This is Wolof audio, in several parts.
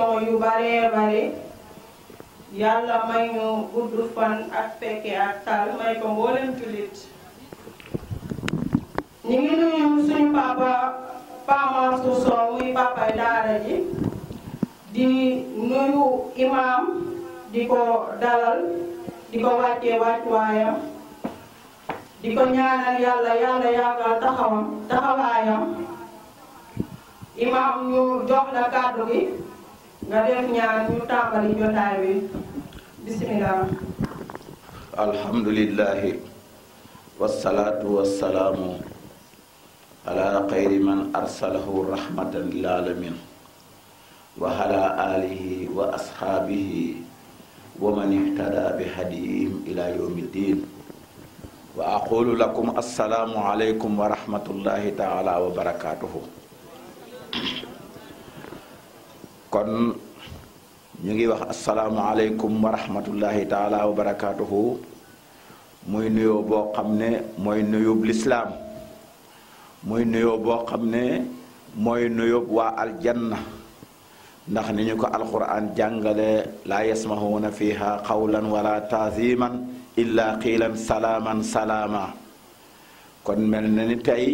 yu bare bare yàlla may gudd fan ak fekke ak tal may ko mboolem jullit ñu ngi nuyu suñu papa Pamansu Sow muy papa daara ji di nuyu imam di ko dalal di ko wàccee wàccuwaayam di ko ñaanal yàlla yàlla taxawam taxawaayam imam ñu jox la kàddu gi nga def ñaan ñu tàmbali jotaay wi bisimilah. alhamdulilahi wasalaatu wasalaamu ala xayri man arsalahu rahmatan lil alamin wa ala alihi wa ashaabihi wa man ihtada bi hadihim ila yawmi ddin wa aqulu lakum assalaamu aleykum wa rahmatullahi taala wa barakatuhu kon ñu ngi wax asalaamualeykum wa rahmatullahi taala wa barakaatuhu muy nuyoo boo xam ne mooy nuyub lislaam muy nuyoo boo xam ne mooy nuyub waa aljanna ndax ni ñu ko alquran jàngale laa yasmahuuna fiha qawlan wala taaziman illa qiilan salaaman salaama kon mel na ni tey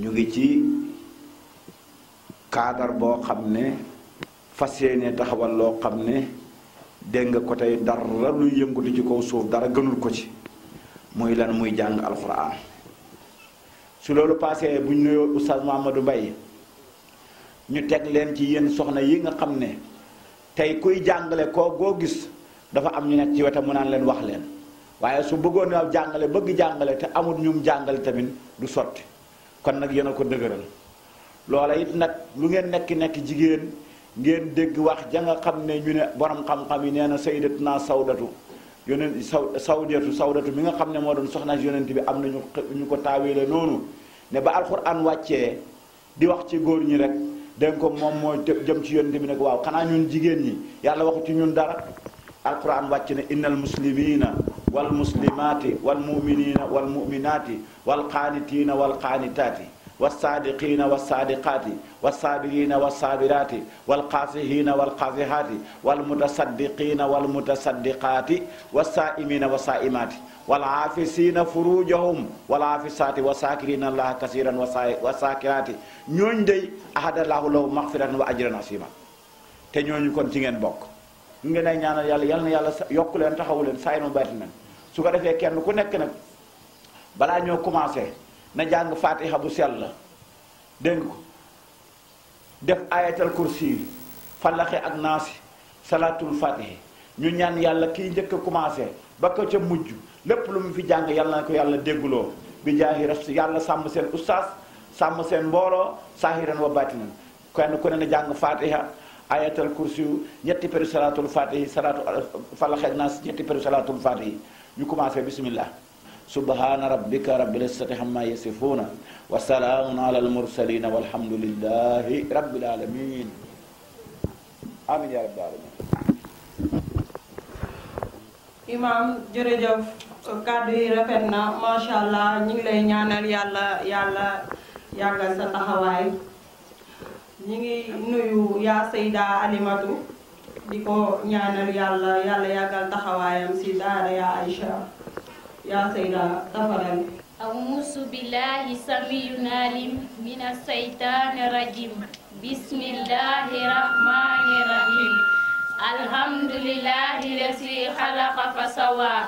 ñu ngi ci kaadar boo xam ne fas yéene taxawal loo xam ne dégg nga ko tey dara luy yëngatu ci kaw suuf dara gënul ko ci muy lan muy jàng alxuraan su loolu paasee bu ñu nuyoo oustaz Mamadou Mbaye ñu teg leen ci yéen soxna yi nga xam ne tey kuy jàngale koo gis dafa am ñu nekk ci wetam mu naan leen wax leen waaye su bëggoon a jàngale bëgg jàngale te amul ñum jàngale tamit du sotti kon nag yéen a ko dëgëral. loola it nag lu ngeen nekk nekk jigéen ngeen dégg wax ja nga xam ne ñu ne borom xam-xam yi nee na naa sawdatu yonent saw sawdatu sawdatu mi nga xam ne moo doon soxna yonent bi am na ñu ko taaweele noonu ne ba alxuraan wàccee di wax ci góor ñi rek dégg ko moom moo jëm ci yonent bi ne ko waaw xanaa ñun jigéen ñi yàlla waxu ci ñun dara alquran wàcc ne innal muslimina wal muslimati wal muminina wal muminati wal qaanitiina wal qaanitaati والصادقين والصادقات والصابرين والصابرات والقاسحين والقاسحات والمتصدقين والمتصدقات والصائمين والصائمات والعافسين فروجهم والعافسات والساكرين الله كثيرا والساكرات ñooñ day ahada waa law maghfiratan wa ajran asima te ñooñu kon ci ngeen bokk ngeen ay ñaanal yàlla yal na yàlla yokku leen taxawu leen saa yi bari baati nañ su ko defee ku nekk nag balaa ñoo commencé na jàng fatiha bu sell la dégg ko def ayatal kursi falaxe ak naasi salaatul fatihi ñu ñaan yàlla kiy njëkk a commencé ba ko ca mujj lépp lu mu fi jàng yàlla na ko yàlla dégguloo bi jaahi raf yàlla sàmm seen ustaas sàmm seen mbooloo saahiran wa baatinan kenn ku ne na jàng fatiha ayatal kursi ñetti peru salaatul fatihi salaatu falaxe ak naasi ñetti peru salaatul fatihi ñu commencé bismillah subhana rabbika rabbil izzati amma yasifuna wa salaamun ala al mursalina walhamdulillahi rabbil alamin amin ya rabbil alamin imaam jërëjëf kàddu yi rafet na macha ñu ngi lay ñaanal yàlla yàlla sa taxawaay ñu ngi nuyu yaa Seyda Alimatu di ko ñaanal yàlla yàlla yàggal si daara yaa Aïcha يا سيدا تفرن أعوذ بالله السميع العليم من الشيطان الرجيم بسم الله الرحمن الرحيم الحمد لله الذي خلق فسوى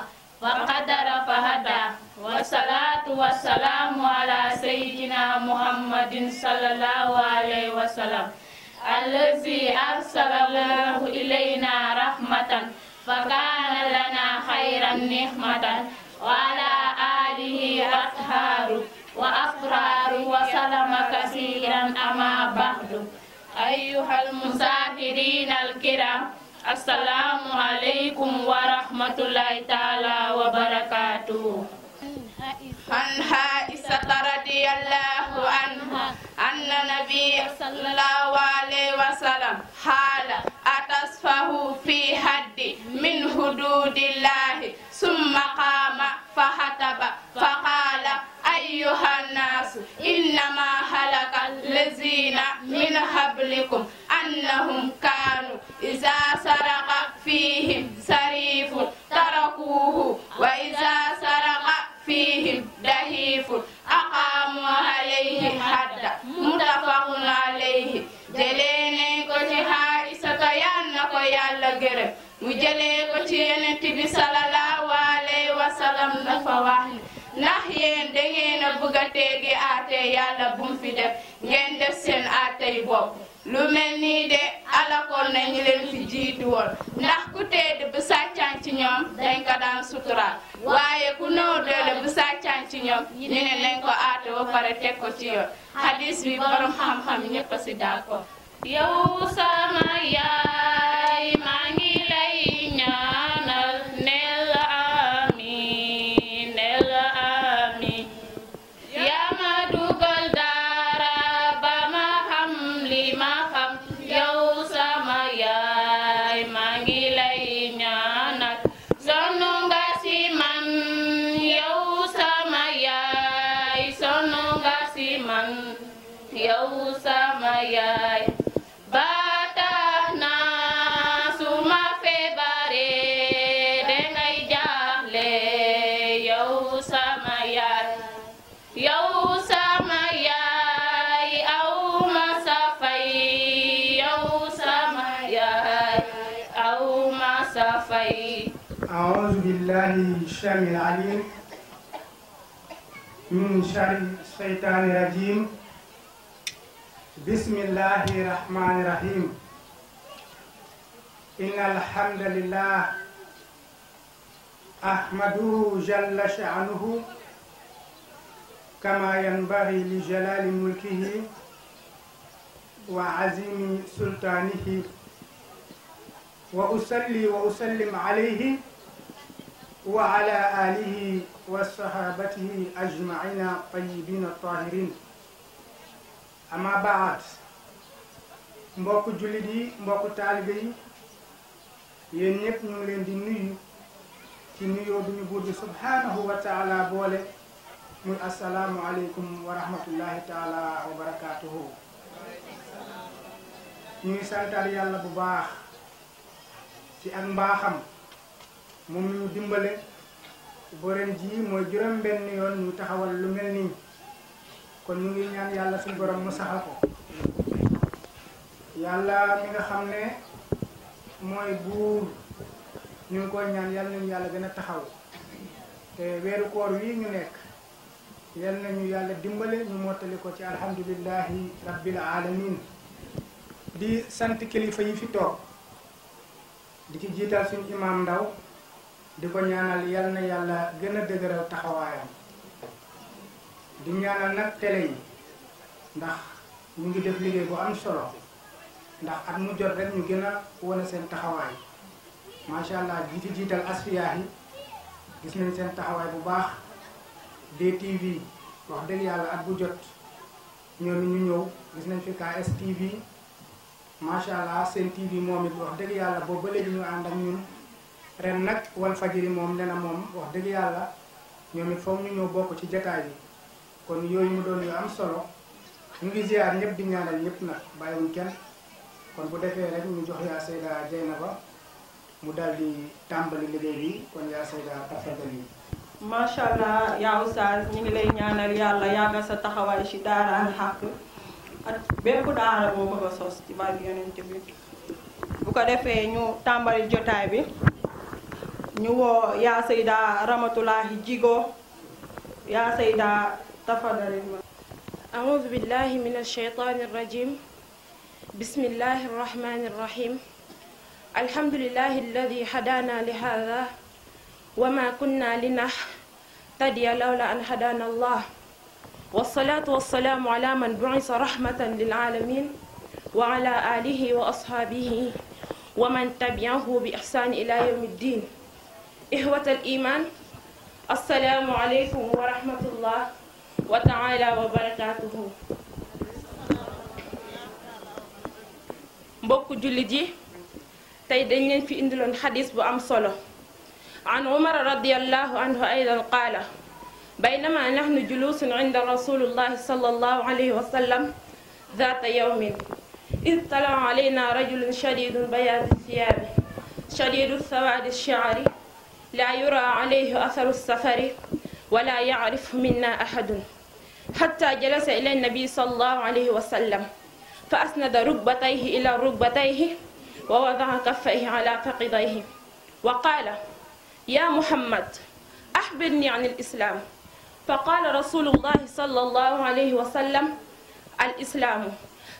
وقدر فهدى والصلاة والسلام على سيدنا محمد صلى الله عليه وسلم الذي أرسل الله إلينا رحمة فكان لنا خيرا نعمة وعلى آله أطهار وأفرار وسلم كثيرا أما بعد أيها المسافرين الكرام السلام عليكم ورحمة الله تعالى وبركاته عنها إسات رضي الله عنها أن النبي صلى الله عليه وسلم حال أتصفه في حد من حدود الله ثم قام فخطب فقال أيها الناس إنما هلك الذين من قبلكم أنهم كانوا إذا سرق فيهم سريف تركوه وإذا سرق فيهم دهيف أقاموا عليه حدا متفق عليه جلينين كتها na ko yàlla gërëm mu jëlee ko ci yonent tibi sallallahu alayhi wa sallam dafa wax ni ndax yéen da a bëgg a teggi aate yàlla bu mu fi def ngeen def seen aatey bopp lu mel nii de na nañu leen fi jiitu woon ndax ku tedd bu sàccaan ci ñoom dañ ko daan suturaal waaye ku néew doole bu sàccaan ci ñoom ñu ne nañ ko aate ba pare teg ko ci yoon hadis bi borom xam-xam ñëpp a si d'accord yow sama yaay maa ngi lay ñaanal nel amin nel yaa ma dugal daara ba ma xam li ma xam yow sama yaay شر الشيطان الرجيم بسم الله الرحمن الرحيم إن الحمد لله أحمده جل شأنه كما ينبغي لجلال ملكه وعزيم سلطانه وأصلي وأسلم عليه وعلى آله وصحابته أجمعين الطيبين الطاهرين أما بعد mbokku jullit yi mbokku taalibe yi yéen ñëpp ñu ngi leen di nuyu ci nuyoo bi ñu buur bi subhaanahu wa taala boole muy asalaamu aleykum wa rahmatullahi taala wa barakaatuhu ñuy santar yàlla bu baax ci ak mbaaxam moom ñu dimbale ba ren jii mooy juróom benn yoon ñu taxawal lu mel nii kon ñu ngi ñaan yàlla suñ borom mu saxal ko yàlla mi nga xam ne mooy buur ñu ngi koy ñaan yàlla nañu yàlla gën a taxaw te weeru koor wii ñu nekk yal nañu yàlla dimbale ñu mottali ko ci alhamdulillahi rabbil alamin di sant kilifa yi fi toog di ci jiital suñu imaam ndaw di ko ñaanal yal na yàlla gën a dëgëral taxawaayam di ñaanal nag télé yi ndax ñu ngi def liggéey bu am solo ndax at mu jot rek ñu gën a wane seen taxawaay macha allah ci jiital asfiyaa yi gis nañ seen taxawaay bu baax DTV wax dëgg yàlla at bu jot ñoom ñu ñëw gis nañ fi KS TV macha allah seen TV moom it wax dëgg yàlla boobu ba léegi ànd ak ñun. ren nag wal fajiri moom ne na moom wax dëgg yàlla ñoom it ñu ñëw bokk ci jataay yi kon yooyu mu doon yu am solo ñu ngi ziar ñëpp di ñaanal ñëpp nag bàyyiwuñ kenn kon bu defee rek ñu jox yaa Seyda Dieynaba mu di tàmbali liggéey bi kon yaa Seyda macha allah yaa ñu ngi lay ñaanal yàlla yàggal sa taxawaay ci daara al xàq ak bépp daara boo bëgg a ko defee ñu tàmbali jotaay bi ñu woo yaa sayda ramatulahi jigo yaa sayda tafadali أعوذ بالله من الشيطان الرجيم بسم الله الرحمن الرحيم الحمد لله الذي هدانا لهذا وما كنا لنهتدي لولا أن هدانا الله والصلاة والسلام على من بعث رحمة للعالمين وعلى آله وأصحابه ومن تبعه بإحسان إلى يوم الدين ihwatal iman assalaamu aleykum wa rahmatullah wa taala wa barakaatuhu mbokku jullit yi tey dañ leen fi indiloon xadis bu am solo an umar radiallahu anhu aydan qaala baynama nahnu julusun inda rasulillahi sallallahu alayhi wa sallam zaata yawmin id talaa alayna rajulun shadidun bayaadi siyaabi shadidu sawaadi shiari لا يرى عليه أثر السفر ولا يعرف منا أحد حتى جلس إلى النبي صلى الله عليه وسلم فأسند ركبتيه إلى ركبتيه ووضع كفيه على فخذيه وقال يا محمد أخبرني عن الإسلام فقال رسول الله صلى الله عليه وسلم الإسلام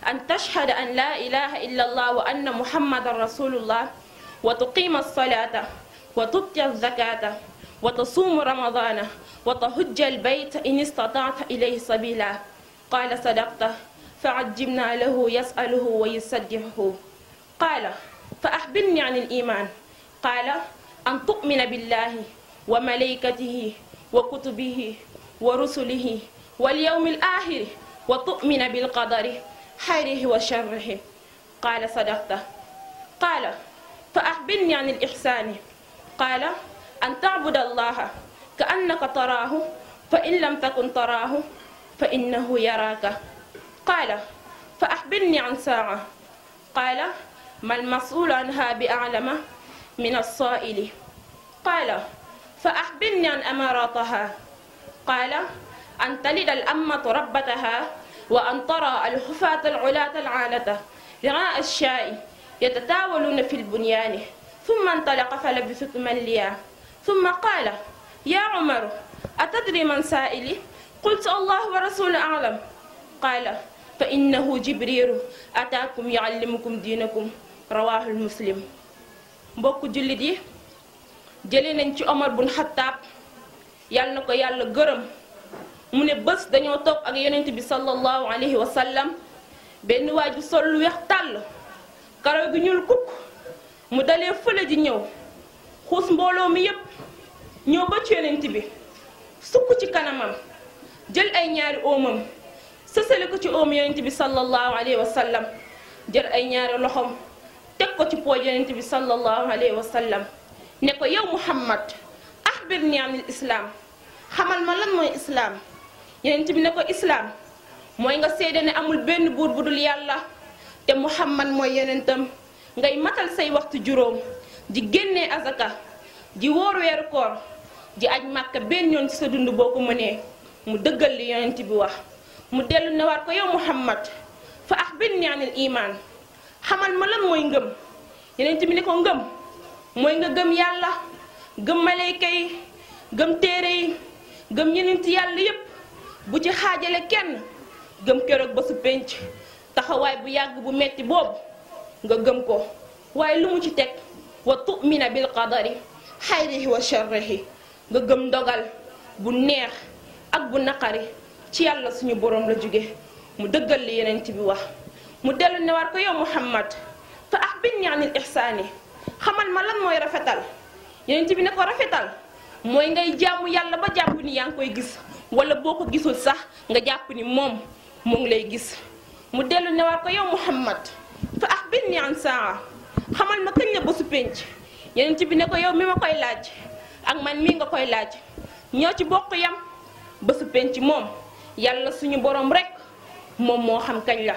أن تشهد أن لا إله إلا الله وأن محمد رسول الله وتقيم الصلاة وتبقي الزكاة وتصوم رمضان وتهج البيت إن استطعت إليه سبيلا قال صدقت فعجبنا له يسأله ويصدقه قال فأخبرني عن الإيمان قال أن تؤمن بالله وملائكته وكتبه ورسله واليوم الآخر وتؤمن بالقدر خيره وشره قال صدقت قال فأخبرني عن الإحسان qaala an tacbuda allaha ka annaka taraahu fa in lam takun taraahu fa innahu yaraaka qaala fa axbirni an saaca qaala ma almasuulu anha bi aclama min alsaaili qaala fa axbirni an amaarataha qaala an talida alammatu rabbataha wa an tara alxufaata alculaata alcaalata rigaa alshaa'i yatataawaluuna fi lbunyaani ثم انطلق فلبثت مليا ثم قال يا عمر أتدري من سائلي قلت الله ورسوله أعلم قال فإنه جبريل أتاكم يعلمكم دينكم رواه المسلم mbokku jullit yi jëlee nañ ci Omar bun Xattaab yàlla na ko yàlla gërëm mu ne bés dañoo toog ak yonent bi sallallahu alayhi wa sallam benn waaju sol lu weex tàll karaw gi kukk mu dalee fële ji ñëw xuus mbooloo mi yépp ñëw ba ci yonent bi sukk ci kanamam jël ay ñaari oomam sësale ko ci oomu yonent bi sallallahu alayhi wa sallam jël ay ñaari loxoom teg ko ci pooj yonent bi sallallahu alayhi wa sallam ne ko yow Muhammad axbir ni anil islaam xamal ma lan mooy islaam yonent bi ne ko islaam mooy nga seede ne amul benn buur bu dul yàlla te Muhammad mooy yonentam ngay matal say waxtu juróom di génne azaka di wóor weeru koor di aj màkka benn yoon ci sa dund boo ko mënee mu dëggal li yonent bi wax mu dellu ne war ko yow muhammad fa axbirnii anil iimaan xamal ma lan mooy ngëm yonent bi ne ko ngëm mooy nga gëm yàlla gëm malayka yi gëm téere yi gëm yonent yàlla yépp bu ci xaajale kenn gëm keroog ba su pénc taxawaay bu yàgg bu metti boobu nga gëm ko waaye lu mu ci teg wa tumina bil qadari xayrihi wa sharrihi nga gëm ndogal bu neex ak bu naqari ci yàlla suñu boroom la jóge mu dëggal li yeneent bi wax mu dellu ne war ko yow muhammad fa axbirnii anil ihsaani xamal ma lan mooy rafetal yeneent bi ne ko rafetal mooy ngay jàmm yàlla ba jàpp ni yaa ngi koy gis wala boo ko gisul sax nga jàpp ni moom moo ngi lay gis mu dellu ne war ko yow muhammad fa axbirnii an saaxa xamal ma kañ la bésu pénc yeneen ci bi ne ko yow mi ma koy laaj ak man mii nga koy laaj ñoo ci bokk yam bésu pénc moom yàlla suñu boroom rekk moom moo xam kañ la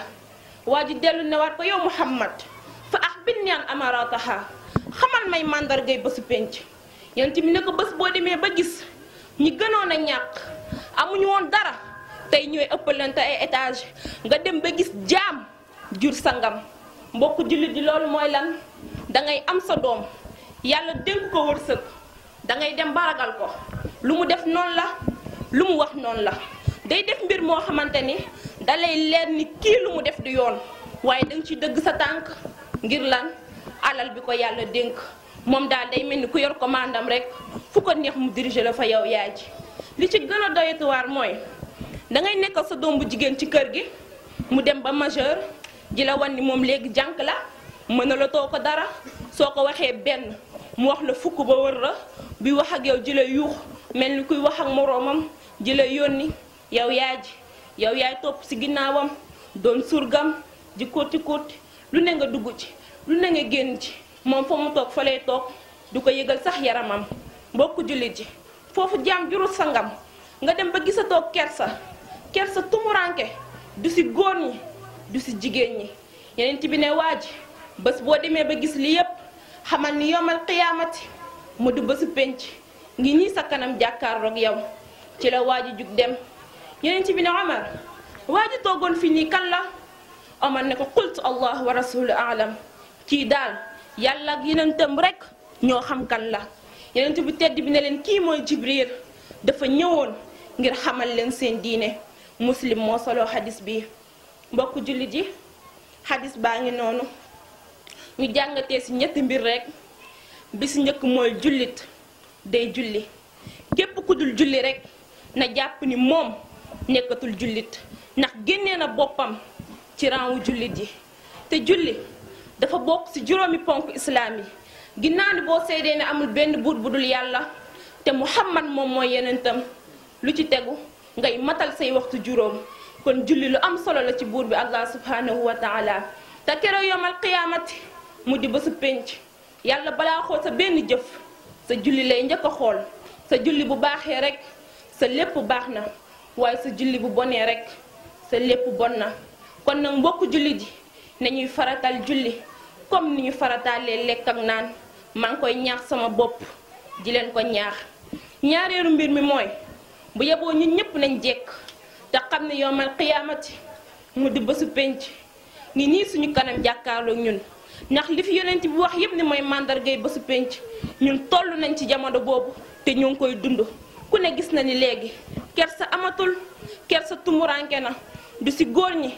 waa ji dellu ne war ko yow Muhammad fa axbirnii an amaraataha xamal may màndargay bésu pénc yeneen ci bi ne ko bés boo demee ba gis ñi gënoon a ñàkk amuñu woon dara tey ñooy ëppalante ay étage nga dem ba gis jaam jur sangam mbokk jullit yi loolu mooy lan dangay am sa doom yàlla dénk ko wërsëg dangay ngay dem baragal ko lu mu def noonu la lu mu wax noonu la day def mbir moo xamante ni da lay leer ni kii lu mu def di yoon waaye da nga ci dëgg sa tànk ngir lan alal bi ko yàlla dénk moom daal day mel ni ku yor ko commandam rek fu ko neex mu dirige la fa yow yaay ji li ci gën a doyatuwaar mooy da ngay nekkal sa doom bu jigéen ci kër gi mu dem ba majeur ji wan ni moom léegi jànk la mën a la too ko dara soo ko waxee benn mu wax la fukk ba wër la buy wax ak yow ji yuux mel ni kuy wax ak moroomam ji la yónni yow yaay ji yow yaay topp ci ginnaawam doon surgam ji kóoti kóoti lu ne nga dugg ci lu ne nga génn ci moom fa mu toog fa lay toog du ko yëgal sax yaramam mbokku jullit ji foofu jaam jurul sangam nga dem ba gisatoo kersa kersa tumuranke du ci góor ñi du si jigéen ñi yeneen bi ne waa ji bés boo demee ba gis li yépp xamal ni yomal xiyaamati mu du bésu penc ngi ñii sa kanam jàkkaarloog yow ci la waa ji jug dem yeneen bi ne Omar waa ji fi ni kan la Omar ne ko qultu allah wa rasulu alam kii daal yàlla ak yenentam rek ñoo xam kan la yeneen bu tedd bi ne leen kii mooy jibril dafa ñëwoon ngir xamal leen seen diine muslim moo soloo xadis bi mbokk jullit yi xadis baa ngi noonu ñu jàngatee ci ñetti mbir rekk bi ci njëkk mooy jullit day julli képp ku dul julli rekk na jàpp ni moom nekkatul jullit ndax génnee na boppam ci ranwu jullit yi te julli dafa bokk ci juróomi ponk islaam yi ginnaaw ni boo seedee ne amul benn buur bu dul yàlla te muhammad moom mooy yeneentam lu ci tegu ngay matal say waxtu juróom kon julli lu am solo la ci buur bi allah subhanahu wa taala te keroog yomal qiyaamati mujj ba su penc yàlla balaa xool sa benn jëf sa julli lay njëkk xool sa julli bu baaxee rek sa lépp baax na waaye sa julli bu bonee rek sa lépp bon na kon nag mbokk julli ji nañuy faratal julli comme ni ñu faratalee lekk ak naan maa ngi koy ñaax sama bopp di leen ko ñaax ñaareelu mbir mi mooy bu yeboo ñun ñëpp nañ jekk te xam ne yomal xiyaamati mu di bésu penc ngi nii suñu kanam jàkkaarloog ñun ndax li fi yonent bi wax yépp ne mooy màndargay bésu pénc ñun toll nañ ci jamono boobu te ñu koy dund ku ne gis na ni léegi kersa amatul ker kersa tumuraanke na du si góor ñi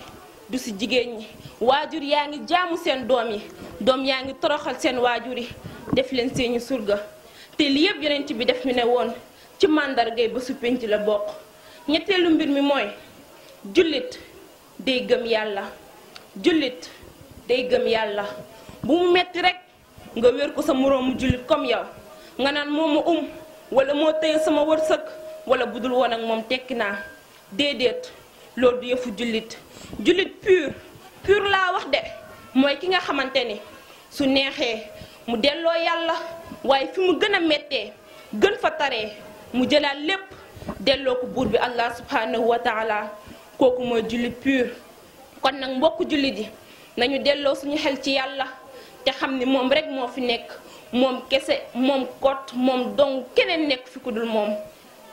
du si jigéen ñi waajur yaa ngi jaamu seen doom yi doom yaa ngi toroxal seen waajur yi def leen seeni surga te li yépp yonent bi def ñu ne woon ci màndargay bésu penc la bokk ñetteelu mbir mi mooy jullit day gëm yàlla jullit day gëm yàlla bu mu metti rekk nga wér ko sa moroomu jullit comme yow nga naan moo ma um wala moo tëye sama wërsëg wala bu dul woon ak moom tekki naa déedéet loolu du yëfu jullit jullit pur pur laa wax de mooy ki nga xamante ni su neexee mu delloo yàlla waaye fi mu gën a méttee gën fa taree mu jëlaat lépp delloo ko buur bi allah subhanahu wa kooku mooy julli pur kon nag mbokk jullit yi nañu delloo suñu xel ci yàlla te xam ni moom rek moo fi nekk moom kese moom kot moom dong keneen nekk fi ku dul moom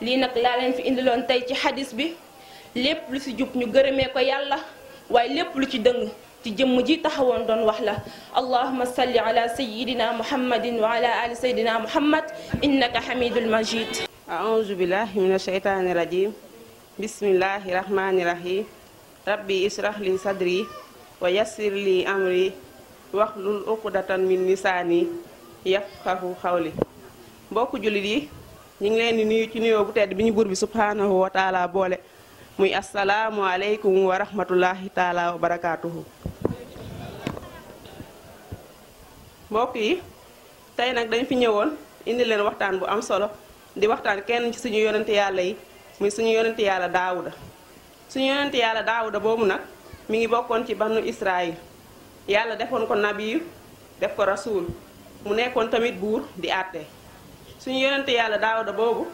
lii nag laa leen fi indiloon tey ci xadis bi lépp lu ci jub ñu gërëmee ko yàlla waaye lépp lu ci dëng ci jëmm ji taxawoon doon wax la allahuma salli ala sayidina muhammadin wa ala ali sayidina muhammad innaka hamidul majid aouzu billahi min asheytaani rajim bismillahi rahmaani rahim rabbi israh li sadri wa yassir li amri waxlul uqdatan min lisaani yafqahu xawli mbokku jullit yi ñu ngi leen di nuyu ci nuyoo bu tedd bi ñu buur bi subhaanahu wa taala boole muy asalaamu aleykum wa rahmatullahi taala wa barakaatuhu mbokk yi tey nag dañ fi ñëwoon indi leen waxtaan bu am solo di waxtaan kenn ci suñu yonente yàlla yi muy suñu yonente yàlla daawuda suñu yonente yàlla daawuda boobu nag mi ngi bokkoon ci bannu Israël yàlla defoon ko nabiyu def ko rasuul mu nekkoon tamit buur di àtte suñu yonente yàlla daawuda boobu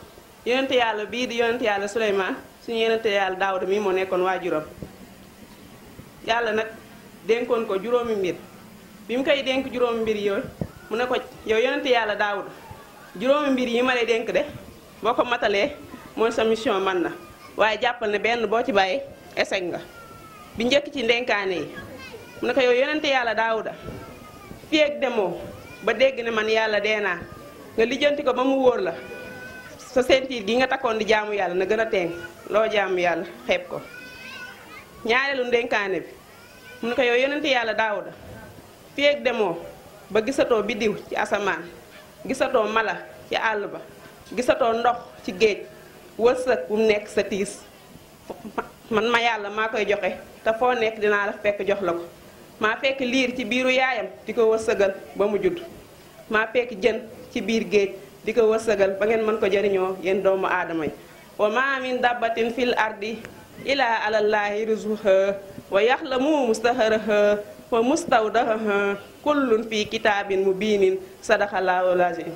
yonente yàlla bii di yonente yàlla Suleymaan suñu yonente yàlla daawuda mii moo nekkoon waajuram yàlla nag dénkoon ko juróomi mbir bi mu koy dénk juróomi mbir yooyu mu ne ko yow yonente yàlla daawuda juróomi mbir yi ma lay dénk de boo ko matalee mooy sa mission man na waaye jàppal ne benn boo ci bàyyi eseg nga bi njëkk ci ndenkaane yi mu ne ko yow yonente yàlla daawuda fii ak demoo ba dégg ne man yàlla dee naa nga lijjanti ko ba mu wóor la sa sentiir gi nga takkoon di jaamu yàlla na gën a teeng loo jaamu yàlla xeeb ko ñaareelu ndenkaane bi mu ne ko yow yonente yàlla daawuda fii ak demoo ba gisatoo biddiw ci asamaan gisatoo mala ci àll ba gisatoo ndox ci géej wërsëg bu nekk sa tiis man ma yàlla maa koy joxe te foo nekk dinaa la fekk jox la ko maa fekk liir ci biiru yaayam di ko wërsëgal ba mu judd maa fekk jën ci biir géej di ko wërsëgal ba ngeen mën ko jariñoo yéen doomu aadama yi wa maa min dabbatin fil ardi ilaa alallaahi rizquhaa wa yaxlamu mustaqarrahaa wa mustawdaahaa kullun fii kitaabin mu biinin sadaxallahu lazim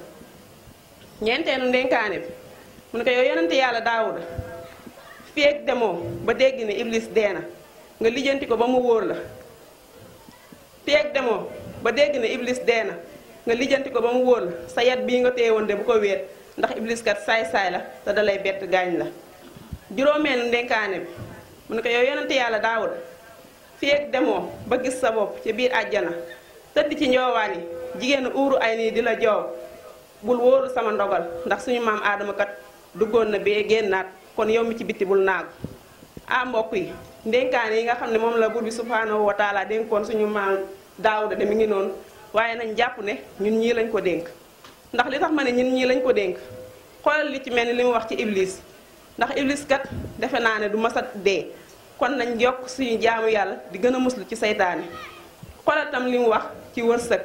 ñeenteelu ndénkaane bi mu ne yow yonente yàlla daawul feeg demoo ba dégg iblis dee nga lijjanti ko ba mu wóor la feeg demoo ba dégg ne iblis dee na nga lijjanti ko ba mu wóor sa yat bii nga téye de bu ko wéet ndax iblis kat saay-saay la dalay bett gaañ la juróomeelu ndénkaane bi mu ne ko yàlla daawuda feeg demoo ba gis sa bopp ci biir àjjana tëdd ci njoowaan yi jigéenu uuru ay nii di la joow bul wóoru sama ndogal ndax suñu maam aadama kat duggoon na bee génnaat kon yow mi ci bitti bul naagu ah mbokk yi ndénkaan yi nga xam ne moom la buur bi subhaanahu wa taala dénkoon suñu maam daawuda de mi ngi noonu waaye nañ jàpp ne ñun ñii lañ ko dénk ndax li tax ma ne ñun ñii lañ ko dénk xoolal li ci mel ni li mu wax ci iblis ndax iblis kat defe naa ne du masa dee kon nañ yokk suñu jaamu yàlla di gën a muslu ci saytaane xoolal ci wërsëg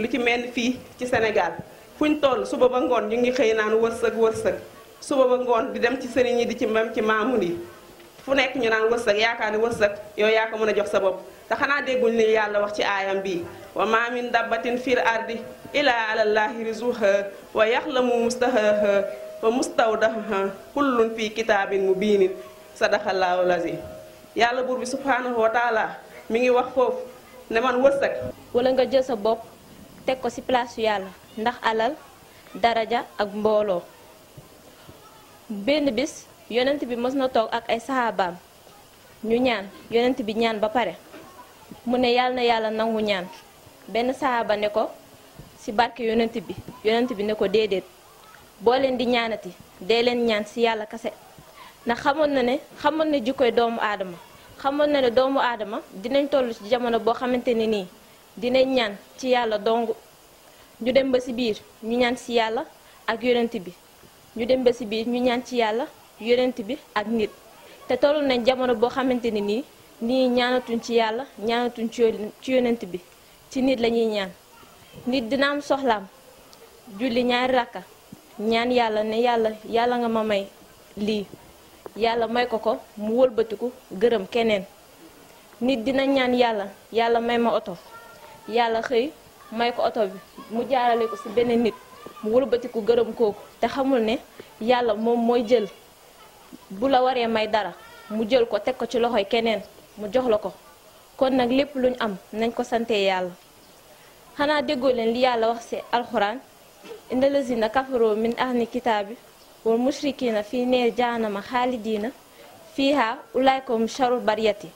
lu ci mel fii ci Sénégal fuñ toll suba ba ngoon ñu ngi xëy naan wërsëg wërsëg suba ba ngoon di dem ci sëriñ yi di ci mbam ci maamun yi fu nekk ñu naan wërsëg yaakaar ne wërsëg yow yaa ko mën a jox sa bopp te xanaa dégguñ li yàlla wax ci aayam bii wa ma min dabbatin fil ardi ilaa alallaahi rizuha wa yaxlamu mustahaha wa mustawdaha kullun fii kitaabin mubiinin sadaqallaahu lazim yàlla buur bi subhaanahu wa taala mi ngi wax foofu ne man wërsëg wala nga jël sa bopp teg ko ci place yàlla ndax alal daraja ak mbooloo benn bis yonent bi mës na toog ak ay saxaabaam ñu ñaan yonent bi ñaan ba pare mu ne yàlla na yàlla nangu ñaan benn saxaaba ne ko ci barke yonent bi yonent bi ne ko déedéet boo leen di ñaanati dee leen ñaan ci yàlla kase ndax xamoon na ne xamoon na jikkoy doomu aadama xamoon na ne doomu aadama dinañ toll ci jamono boo xamante ne nii dinañ ñaan ci yàlla dong ñu dem ba si biir ñu ñaan si yàlla ak yonent bi ñu dem ba ci biir ñu ñaan ci yàlla yonent bi ak nit te toll nañ jamono boo xamante ni nii nii ñaanatuñ ci yàlla ñaanatuñ ci yonent bi ci nit lañuy ñaan nit dina am soxlaam julli ñaari rakka ñaan yàlla ne yàlla yàlla nga ma may lii yàlla may ko ko mu wëlbatiku gërëm keneen nit dina ñaan yàlla yàlla may ma oto yàlla xëy may ko oto bi mu jaarale ko ci beneen nit mu wëlbatiku gërëm kooku te xamul ne yàlla moom mooy jël bu la waree may dara mu jël ko teg ko ci loxoy keneen mu jox la ko kon nag lépp lu ñu am nañ ko sante yàlla xanaa déggoo leen li yàlla wax ci alxuraan inna lazina kafaroo min ahli kitaabi wal mushrikina fii neer jaanama xaalidiina fiiha ulaykum sharul bariyati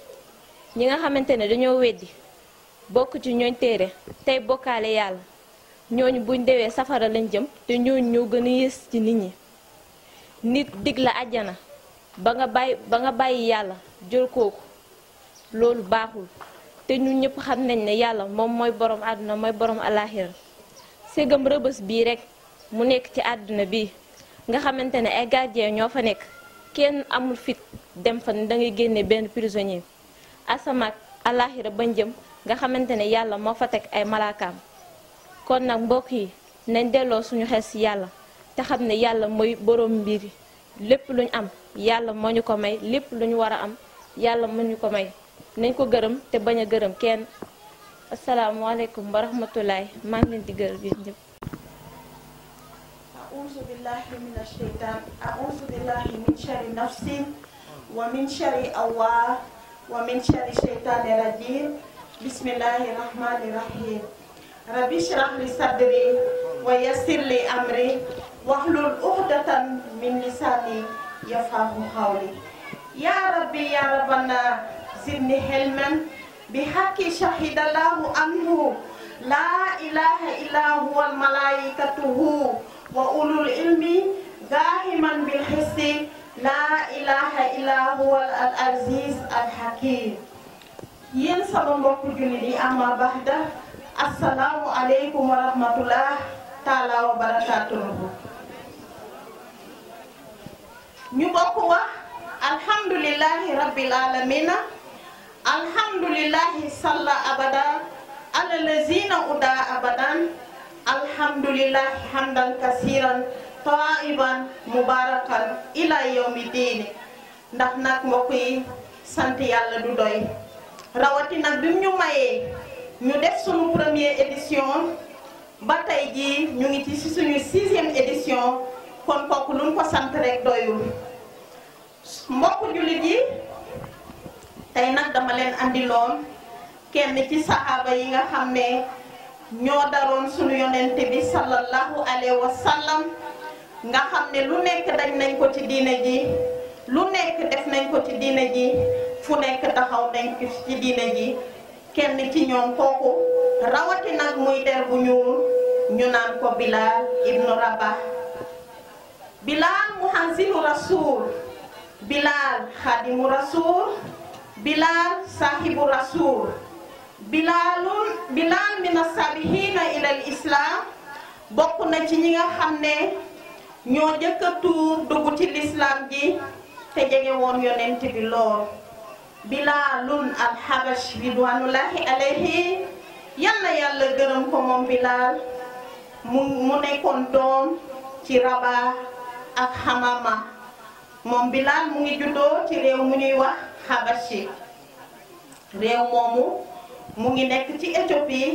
ñi nga xamante ne dañoo weddi bokk ci ñooñ téere tey bokkaale yàlla ñooñu buñ dewee safara lañ jëm te ñooñu ñoo gën a yées ci nit ñi nit dig la àjjana ba nga bàyyi ba nga bàyyi yàlla jël kooku loolu baaxul te ñun ñëpp xam nañ ne yàlla moom mooy borom àdduna mooy boroom alaaxira ségam rëbës bii rek mu nekk ci àdduna bi nga xamante ne ay gardien ñoo fa nekk kenn amul fit dem fa dangay génne benn prisonnier asamaak alaaxira bañ jëm nga xamante ne yàlla moo fa teg ay malaakaam kon nag mbokk yi nañ delloo suñu xees si yàlla te xam ne yàlla mooy borom mbir yi lépp luñ am yàlla moo ñu ko may lépp lu ñu war a am yàlla moo ñu ko may nañ ko gërëm te bañ a gërëm kenn asalaamualeykum wa rahmatulahi maa ngi leen di gërëm yéen ñëpp bismillahi rahmani rahim rabbi shrah li sadri wa yassir li amri wahlul uqdatan min lisani yafqahu qawli ya rabbi ya rabbana zidni hilman bi haqqi shahidallahu anhu la ilaha illa huwa al malaikatuhu wa ulul ilmi gahiman bil hissi la ilaha illa huwa al aziz al hakim yéen sama mbokku jullit yi amma baxda assalaamu aleykum wa rahmatullah taala wa barakatuhu ñu bokk wax alhamdulillahi rabbil alamina alhamdulillahi salla abadan ala lazina uda abadan alhamdulillahi hamdan kasiran taiban mubarakan ila yawmi ndax nag mbokk yi sant yàlla du doy rawati nag bi ñu mayee ñu def suñu première édition ba tey jii ñu ngi ci si suñu sixième édition kon kooku lu ñu ko sant rek doyul mbokk jullit yi tey nag dama leen andiloon kenn ci saxaaba yi nga xam ne ñoo daroon suñu yonente bi sallallahu alayhi wa sallam nga xam ne lu nekk dañ nañ ko ci diine ji lu nekk def nañ ko ci diine ji fu nekk taxaw nañ ko ci diine ji kenn ci ñoom kooku rawati nag muy der bu ñuul ñu naan ko Bilal ibnu Rabah Bilal muhanzinu rasul Bilal xadimu rasul Bilal sahibu rasul ilal islam bokk na ci ñi nga xam ne ñoo njëkk a dugg ci lislaam ji te jege woon yonent bi lool bilaalun alxabash ridwanullahi alayhi yàlla yàlla gërëm ko moom bilaal mu nekkoon doom ci Rabaa ak Xamama moom bilaal mu ngi juddoo ci réew mu ñuy wax xabashi réew moomu mu ngi nekk ci Éthiopie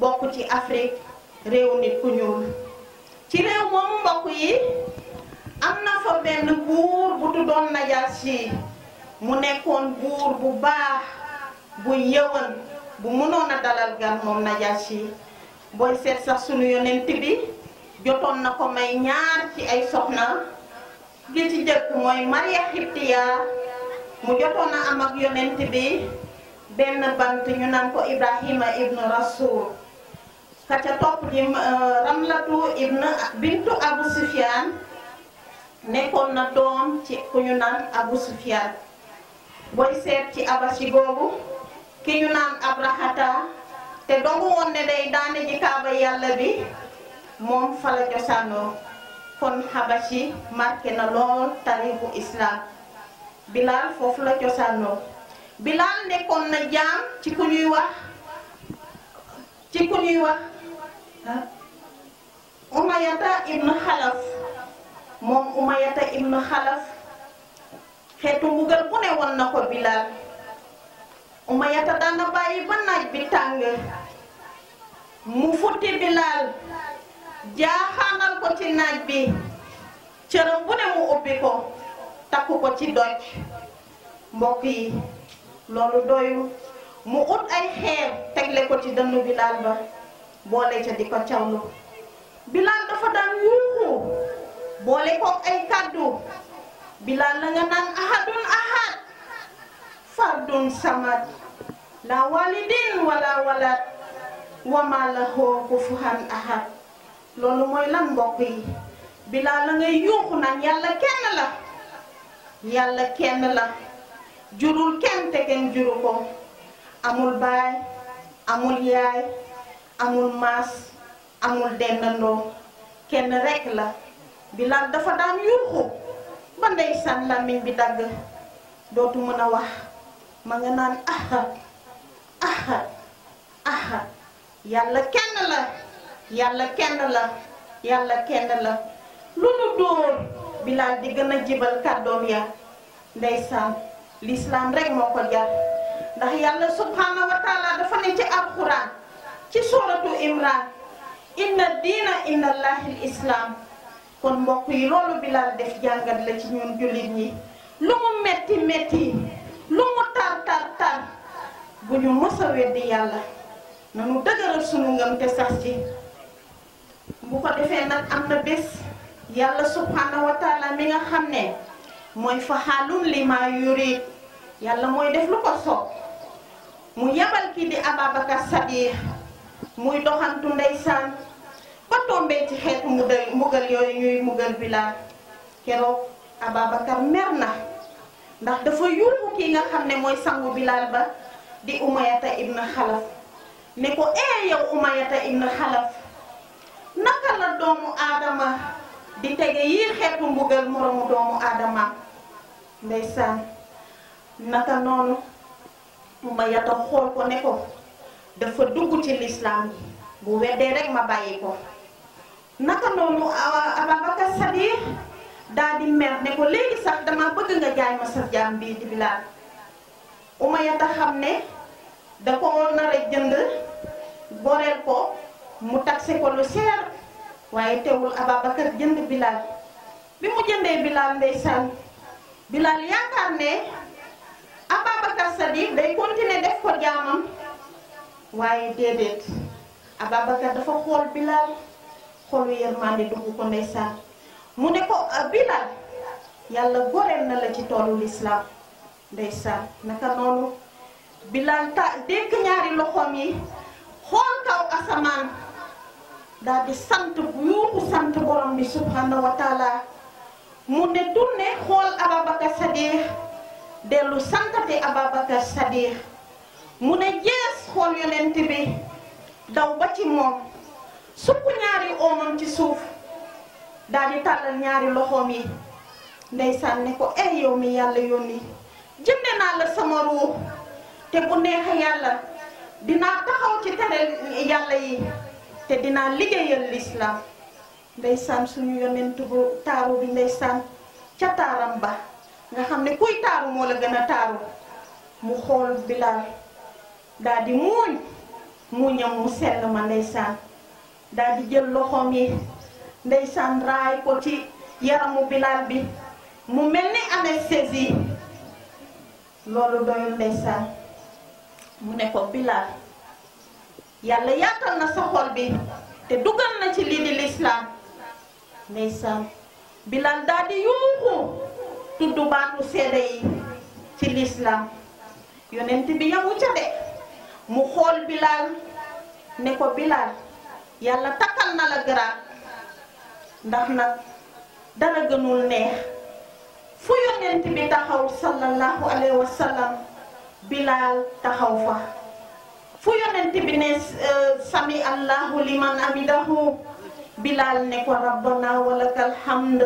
bokk ci Afrique réew nit ku ñuul ci réew moomu mbokk yi am na fa benn buur bu tuddoon Najaasi mu nekkoon buur bu baax bu yëwan bu mënoon dalal gan moom Najaasi booy seet sax sunu yonent bi jotoon na ko may ñaar ci ay soxna li ci jëkk mooy Mariya Xibtiya mu jotoon a am ak yonent bi benn bant ñu naan ko Ibrahima ibnu Rasul ka ca topp di euh, Ramlatu ibnu bintu Abu Sufyaan nekkoon na doom ci ku ñu naan Abu Sufyaan booy seet ci abasi boobu ki ñu naan Abrahata te dogu woon ne day daane ji yàlla bi moom fa la cosaanoo kon xabashi marqué na lool tariixu islam Bilal foofu la cosaanoo Bilal nekkoon na jaam ci ku ñuy wax ci ku ñuy wax ah, Umayata ibn Xalaf moom umayata ibnu xalaf xeetu mbugal bu ne woon na ko bilaal umayata daan na bàyyi ba naaj bi tàng mu futti bilaal jaaxaanal ko ci naaj bi cëram bu ne mu ubbi ko takku ko ci doj mbokk yi loolu doyu mu ut ay xeer tegle ko ci dënn bilaal ba boole ca di ko cawlu bilaal dafa daan yuuxu boole koog ay kaddu bilal la nga naan ahadun ahad fardun samad la walidin wala walad wama lahu kufuwan ahad loolu mooy lan mbokk yi bilal la ngay yuuxu naan yàlla kenn la yàlla kenn la jurul kenn te kenn juru ko amul baay amul yaay amul maas amul dendandoo kenn rek la Bilaal dafa daan yuuxu ba ndeysaan làmmiñ bi dagg dootu mën a wax ma nga naan aha aha aha yàlla kenn la yàlla kenn la yàlla lu nu dóor Bilaal di gën a jibal kàddoom ya ndeysaan lislaam rek moo ko jar ndax yàlla subhaanahu dafa ne ci alxuraan ci suratu imran inna diina inda allahi l islaam kon mbokk yi loolu Bilal def jàngat la ci ñun jullit ñi lu mu metti metti lu mu tar tar tar bu ñu mos a weddi yàlla na nu dëgëral sunu ngëm te sax ci bu ko defee nag am na bés yàlla subhanahu wa taala mi nga xam ne mooy faxaalun li maa yàlla mooy def lu ko soob mu yabal kii di Ababacar Sadiq muy doxantu ndeysaan ba tombee ci xeetu mudal mbugal yooyu ñuy mbugal Bilaal keroog Ababakar mer na ndax dafa yulbu kii nga xam ne mooy sangu Bilaal ba di Umayata ibn Xalaf ne ko ee eh, yow Umayata ibn Xalaf naka la doomu aadama di tege yii xeetu mbugal moromu doomu aadama ndeysaan naka noonu Umayata xool ko ne ko dafa dugg ci lislaam yi bu weddee rek ma bàyyi ko naka noonu ah, ah, Ababacar Sadiq daal di mer ne ko léegi sax dama bëgg nga jaay ma sa jaam bii di Bilaal Umayata xam ne da ko nar a jënd goreel ko mu taxé ko lu seer waaye teewul Ababacar jënd Bilaal bi mu jëndee Bilaal ndeysaan Bilaal yaakaar ne Ababacar Sadiq day continuer def ko jaamam waaye déedéet Ababacar dafa xool Bilaal xolu yërmande ko ndeysaan ko ah, la ci toolu lislaam ndeysaan naka noonu Bilal yi xool kaw asamaan daal di sant yuuxu sant borom bi subhanahu wa mu ne tourné xool Ababacar Sadiq dellu santate Ababacar Sadiq mu ne jees xool yonent bi daw ba ci moom sukk ñaari oomam ci suuf daal di tàllal ñaari loxoom yi ndeysaan ne ko eh yow mi yàlla yónni jënde naa la sama ruux te bu neexa yàlla dinaa taxaw ci tere yàlla yi te dinaa liggéeyal lislaam ndeysaan suñu yonent bu taaru bi ndeysaan ca taaram ba nga xam ne kuy taaru moo la gën a taaru mu xool Bilaal daal di muuñ muuñam mu sell ma ndeysaan daal jël loxoom yi ndeysaan raay ko ci yaramu bilaal bi mu mel ni anesthésie loolu doyul ndeysaan mu ne ko bilaal yàlla yaatal na sa xol bi te dugal na ci lii di lislaam ndeysaan bilaal daal di yuuxu tudd baatu seede yi ci lislaam yonent bi yamu ca de mu xool bilaal ne ko bilaal yàlla takkal na la garaat ndax nag dara gënul neex fu yonent bi taxaw sallallahu alayhi wa sallam bilaal taxaw fa fu yonent bi ne euh, sami allahu liman amidahu bilaal ne ko rabbana walakal hamd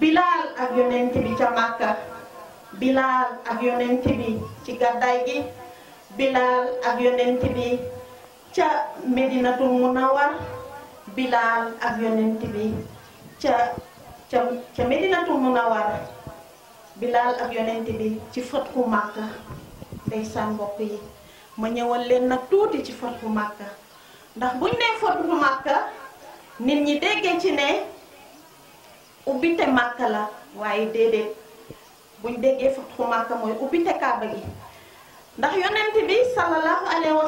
bilaal ak yonent bi ca màkka bilaal ak yonent bi ci gàddaay gi bilaal ak yonent bi ca medinatul munawar bilaal ak yonent bi ca ca ca medinatul munawar bilaal ak yonent bi ci fatku màkka ndeysaan mbokk yi ma ñëwal leen nag tuuti ci fatku màkka ndax buñ nee fatku màkka nit ñi déggee ci ne ubbite màkka la waaye déedéet buñ déggee fatku màkka mooy ubbite kaaba gi ndax yonent bi sallallahu alayhi wa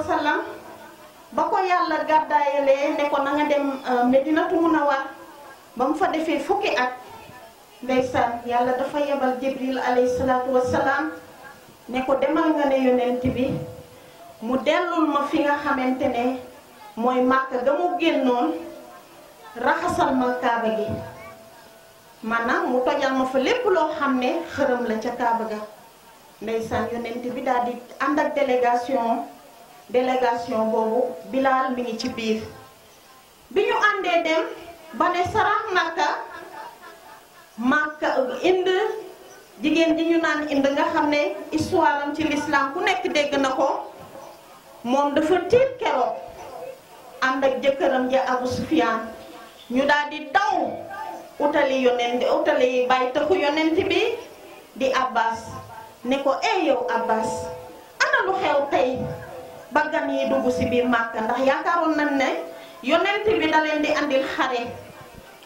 ba ko yàlla gàddaayalee ne ko na nga dem euh, Medinatu Munawwar ba mu fa defee fukki at ndeysaan yàlla dafa yebal Jibril alayhi salaatu wassalaam ne ko demal nga ne yonent bi mu dellul ma fi nga xamante ne mooy màkk ga mu génnoon raxasal ma kaaba gi na mu tojal ma fa lépp loo xam ne xërëm la ca kaaba ga ndeysaan yonent bi daal di ànd ak délégation délégation boobu Bilal mi ngi ci biir bi ñu àndee dem ba ne sarax naka màkka inde jigéen ji ñu naan inde nga xam ne histoire ci l'islam ku nekk dégg na ko moom dafa tiit keroog ànd ak jëkkëram ja Abu Sufyaan ñu daal di daw utali yonent utali bàyyi taxu yonent bi di Abbas ne ko eh yow Abbas ana xew tey ba gan yi dugg ci biir màkk ndax yaakaaroon nañ ne yonent bi da leen andil xare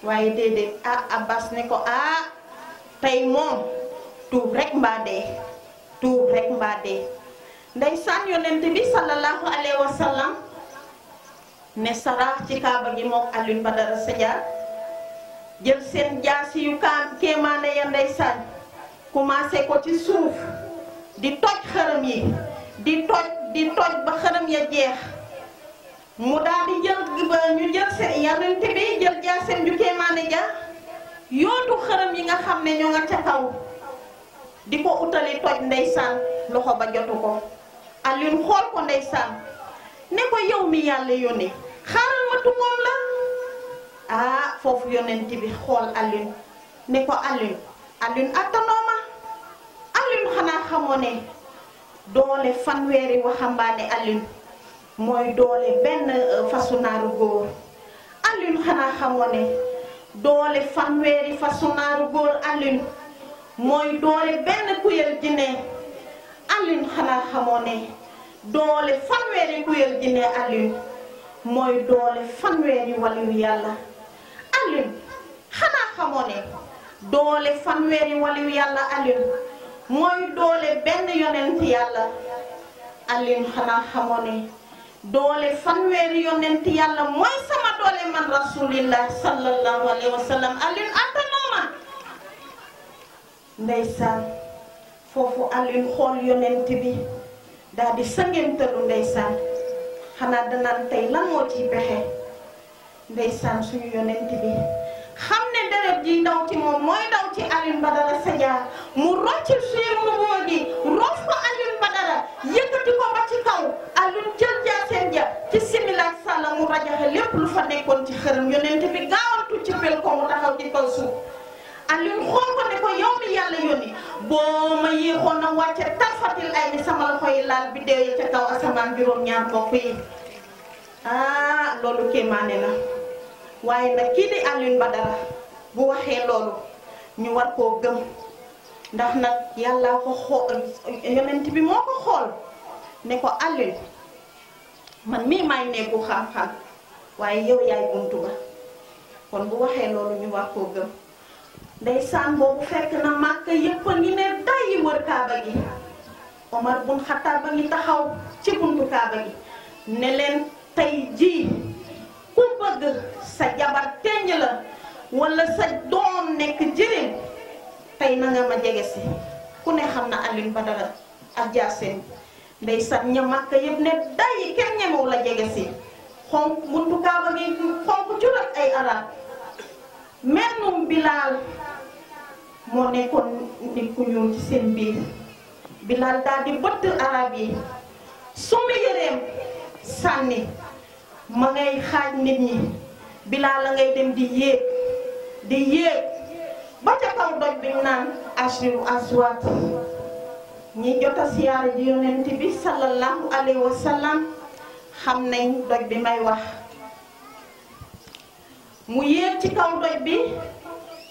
waaye déedéet ah abbas ne ko ah tey moom tuub rek mbaa dee tuub rek mbaa dee ndeysaan yonent bi sallallahu alayhi wa ne saraax ci kaaba gi moom Alioune Badara Sadiar jël seen jaasi yu kaam kéemaane ya ndeysaan commencé ko ci suuf di toj xërëm yi di toj di toj ba xërëm ya jeex mu daal di jël ba ñu jël seen yonent bi jël ja seen ju kéemaane yootu xërëm yi nga xam ne ñoo nga ca di ko utali toj ndeysaan loxo ba jotu ko Alioune xool ko ndeysaan ne ko yow mi yàlla yónnee xaaral ma tumoom la ah foofu yonent bi xool Alioune ne ko Alioune Alioune attanooma Alioune xanaa xamoo ne doole fanweeri waxambaane Alioune mooy doole benn euh, fasu naaru góor Alioune xanaa xamoo ne doole fanweeri fasu naaru góor Alioune mooy doole benn kuyel jinne Alioune xanaa xamoo ne doole fanweeri kuyel jinne Alioune mooy doole fanweeri waliyu yàlla Alioune xanaa xamoo ne doole fanweeri waliyu yàlla Alioune mooy doole benn yonent yàlla alin xanaa xamoo doole fanweeri yonent yàlla mooy sama doole man rasulillah sallallahu alayhi wa sallam alin ndeysaan foofu alin xool yonent bi daal di sangeentalu ndeysaan xanaa danaan tey lan moo ciy pexe ndeysaan suñu yonent bi xam ne deret ji daw ci moom mooy daw ci Alioune Badara Sadia mu rocc suñu mbubboo gi roof ko Alioune Badara yëkkati ko ba ci kaw Alioune jël jaa seen ja ci similaak sàlla mu rajaxe lépp lu fa nekkoon ci xërëm yonent bi gaawantu ci pel ko mu taxaw ci kaw suuf Alioune xool ne ko yow mi yàlla yónni boo ma yéexoon a wàcce tarfatil ay ni sama loxo yi laal bi dee ca kaw asamaan juróom-ñaar bopp yi ah loolu kéemaane la waaye nag kii di Alioune Badara bu waxee loolu ñu war koo gëm ndax nag yàllaa ko xool yonent bi moo ko xool ne ko Alioune man mii maay nekku xam-xam waaye yow yaay buntu ba kon bu waxee loolu ñu war koo gëm ndeysaan boobu fekk na màkk yépp ngi ne dayyi wër kaaba gi Omar bun Xattaab ba ngi taxaw ci buntu kaaba gi ne leen tey jii ku bëgg sa jabar teññ la wala sa doom nekk jëriñ tey na ma jege si ku ne xam na Alioune Badara ak Dia Sène ndeysaan ña màkk yëpp ne day kenn ñemewu la jege si xonk buntu kaaba gi xonk jural ay arab mennum Bilaal moo nekkoon nit ku ñuul ci seen biir Bilaal daal di bëtt arab yi summi yëreem sànni ma ngay xaaj nit ñi bilaa la ngay dem di yéeg di yéeg ba ca kaw doj bi naan ashiru aswat ñi jot a siyaare bi sallallahu alayhi wa xam nañ doj bi may wax mu yéeg ci kaw doj bi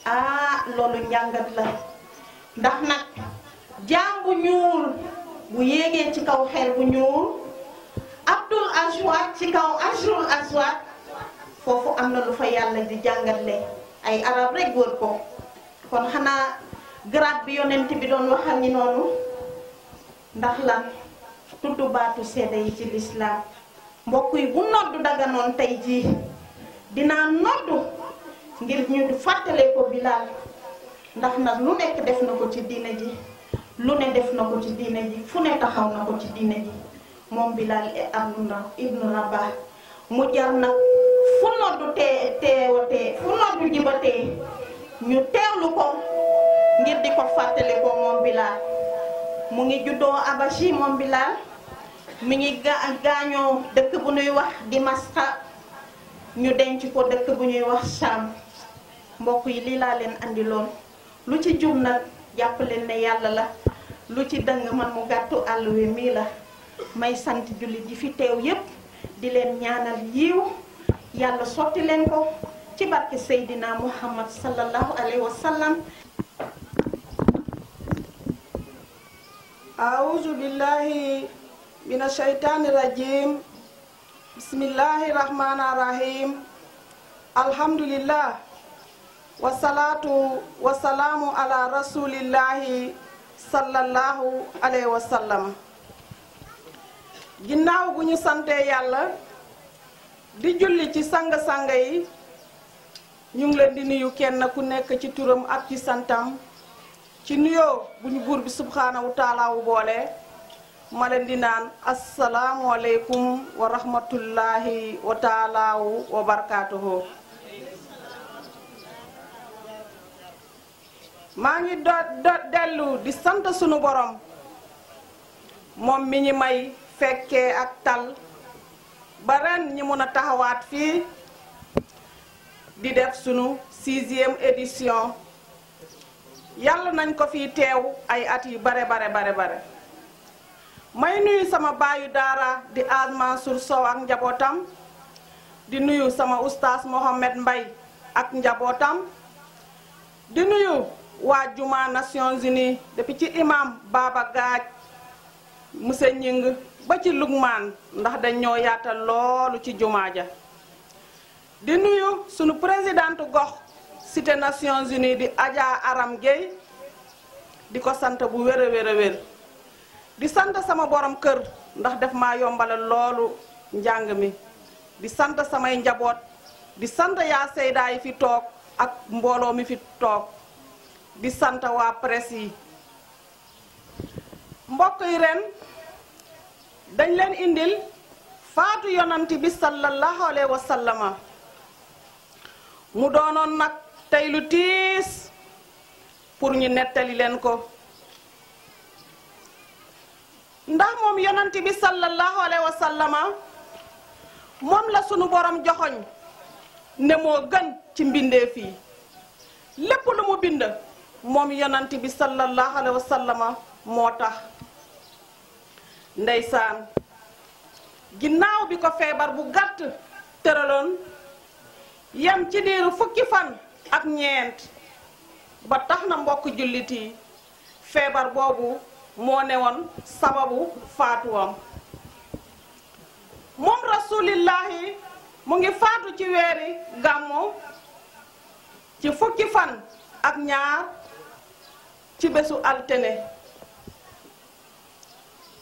ah loolu njàngat la ndax nag jaam bu ñuul bu yéegee ci kaw xeer bu ñuul abdul aswat ci kaw ashrul aswat foofu am na lu fa yàlla di jàngale ay arab rek wër ko kon xanaa grade bi yonent bi doon waxal ñi noonu ndax lan tudd baatu seede yi ci lislaam mbokk yi bu noddu daganoon tey jii dinaa noddu ngir ñu fàttale ko Bilaal ndax nag lu nekk def na ko ci diina ji lu ne def na ko ci diina ji fu ne taxaw na ko ci diina ji moom Bilaal ibnu Rabah mu jar na fu noddu tee teewatee fu noddu jibatee ñu teewlu ko ngir di ko fàttali ko moom mu ngi juddoo Abachi moom Bilal ngi gaañoo dëkk bu ñuy wax Dimasqa ñu denc ko dëkk bu ñuy wax Sam mbokk yi lii laa leen andiloon lu ci jub na jàpp leen ne yàlla la lu ci dëng man mu gàttu àll wi mii la may sant jullit ji fi teew yépp di leen ñaanal yiiw yàlla sotti leen ko ci barke Seydina Muhammad sallallahu alayhi wa sallam أعوذ بالله من الشيطان الرجيم بسم الله الرحمن الرحيم الحمد لله والصلاة والسلام على رسول الله صلى الله عليه وسلم ginnaaw gu ñu santee yàlla di julli ci sang-sang yi ñu ngi leen di nuyu kenn ku nekk ci turam ak ci santam ci nuyoo bu ñu buur bi subhaanahu boole ma leen di naan asalaamualeykum wa rahmatullahi wa taalaawu wa barakaatuhu maa ngi do dellu di sant sunu borom moom mi ñi may fekkee ak tal ba ren ñi mun a taxawaat fii di def sunu sixième édition yàlla nañ ko fi teew ay at yu bare bare bare bare may nuyu sama baayu daara di Al Mansour Sow ak njabootam di nuyu sama ustaas Mohamed Mbay ak njabootam di nuyu waa juma Nations Unies depuis ci imam Baba Gaaj monsieur Ñing ba ci Lugmaan ndax dañ ñoo yaatal loolu ci jumaa ja di nuyu sunu président gox cité Nations Unies di Adja Aram Gueye di ko sant bu wér a wér di sant sama borom kër ndax def ma yombale loolu njàng mi di sant samay njaboot di sant yaa seydaa yi fi toog ak mbooloo mi fi toog di sant waa presse yi mbokk yi ren dañ leen indil faatu yonant bi sallallahu alayhi wa sallama mu doonoon nag tey lu tiis pour ñu nettali leen ko ndax moom yonant bi sallallahu alayhi wa moom la sunu borom joxoñ ne moo gën ci mbindeef yi lépp lu mu bind moom yonant bi sallallahu alayhi wa moo tax ndeysaan ginnaaw bi ko feebar bu gàtt tëraloon yem ci diiru fukki fan ak ñeent ba tax na mbokk jullit feebar boobu moo newoon sababu faatuwam moom rasulillahi mu ngi faatu ci weeri gàmmu ci fukki fan ak ñaar ci bésu altene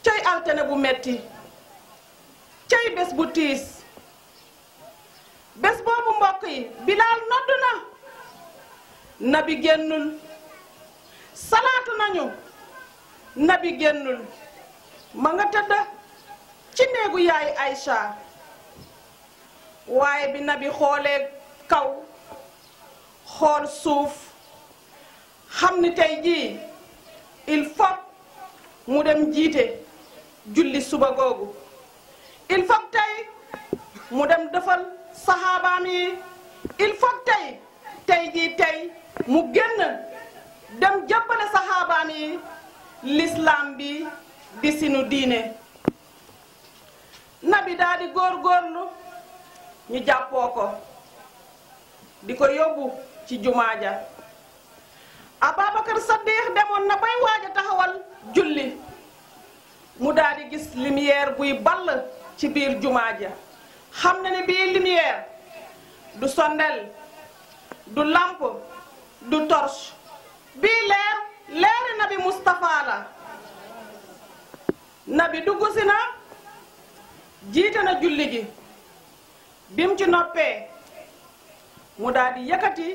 cay altine bu metti cay bés bu tiis bés boobu mbokk yi bilaal nodd na nabi génnul salaatu nañu nabi génnul ma nga tëdd ci néegu yaay Aïcha waaye bi nabi xoolee kaw xool suuf xam ni tey jii il faut mu dem jiite julli suba googu il faut tey mu dem defal saxaabaam yi il faut tey tey jii tey mu génn dem jàppale saxaabaam yi l'islam bi di sinu diine nabi daal di góorgóorlu ñu jàppoo ko di ko yóbbu ci jumaa ja Ababacar Saddiq demoon na bay waaj taxawal julli mu daal di gis lumière buy bal ci biir jumaa ja xam na ne bii lumière du sondel du lampe du torche bii leer leeri nabi Moustapha la nabi dugg si na jiite na julli gi bim ci noppee mu daal di yëkkati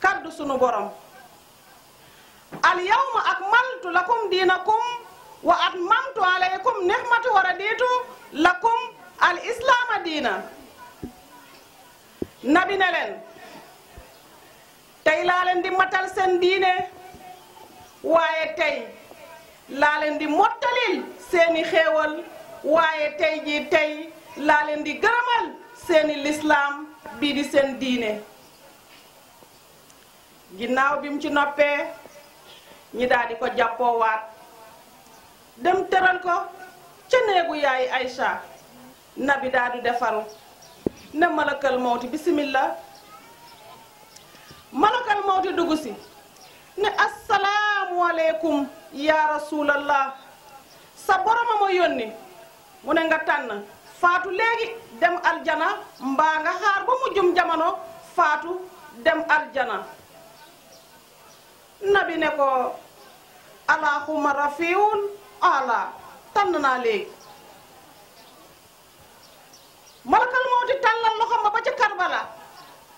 kaddu sunu borom al yawma akmaltu lakum diinakum wa atmamtu alaykum nihmati wa raditu lakum al islaama diina nabi leen tey laa leen di matal seen diine waaye tey laa leen di mottalil seeni xéewal waaye tey jii tey laa leen di gërëmal seeni lislaam bii di seen diine ginnaaw bim ci noppee ñi daal di ko jàppoowaat dem tëral ko ca néegu yaay Aïcha nabi daa di defaru ne malakal mawti bisimilla malakal mawti dugg si ne asalaamualeykum ya rasulallah sa boroma ma yónni mu ne nga tànn faatu léegi dem aljana mbaa nga xaar ba mujjum jamono faatu dem aljana nabi ne ko alaaxuma rafiwun ala tànn naa léegi malakal moo di tàllal loxo ma ba ca Karbala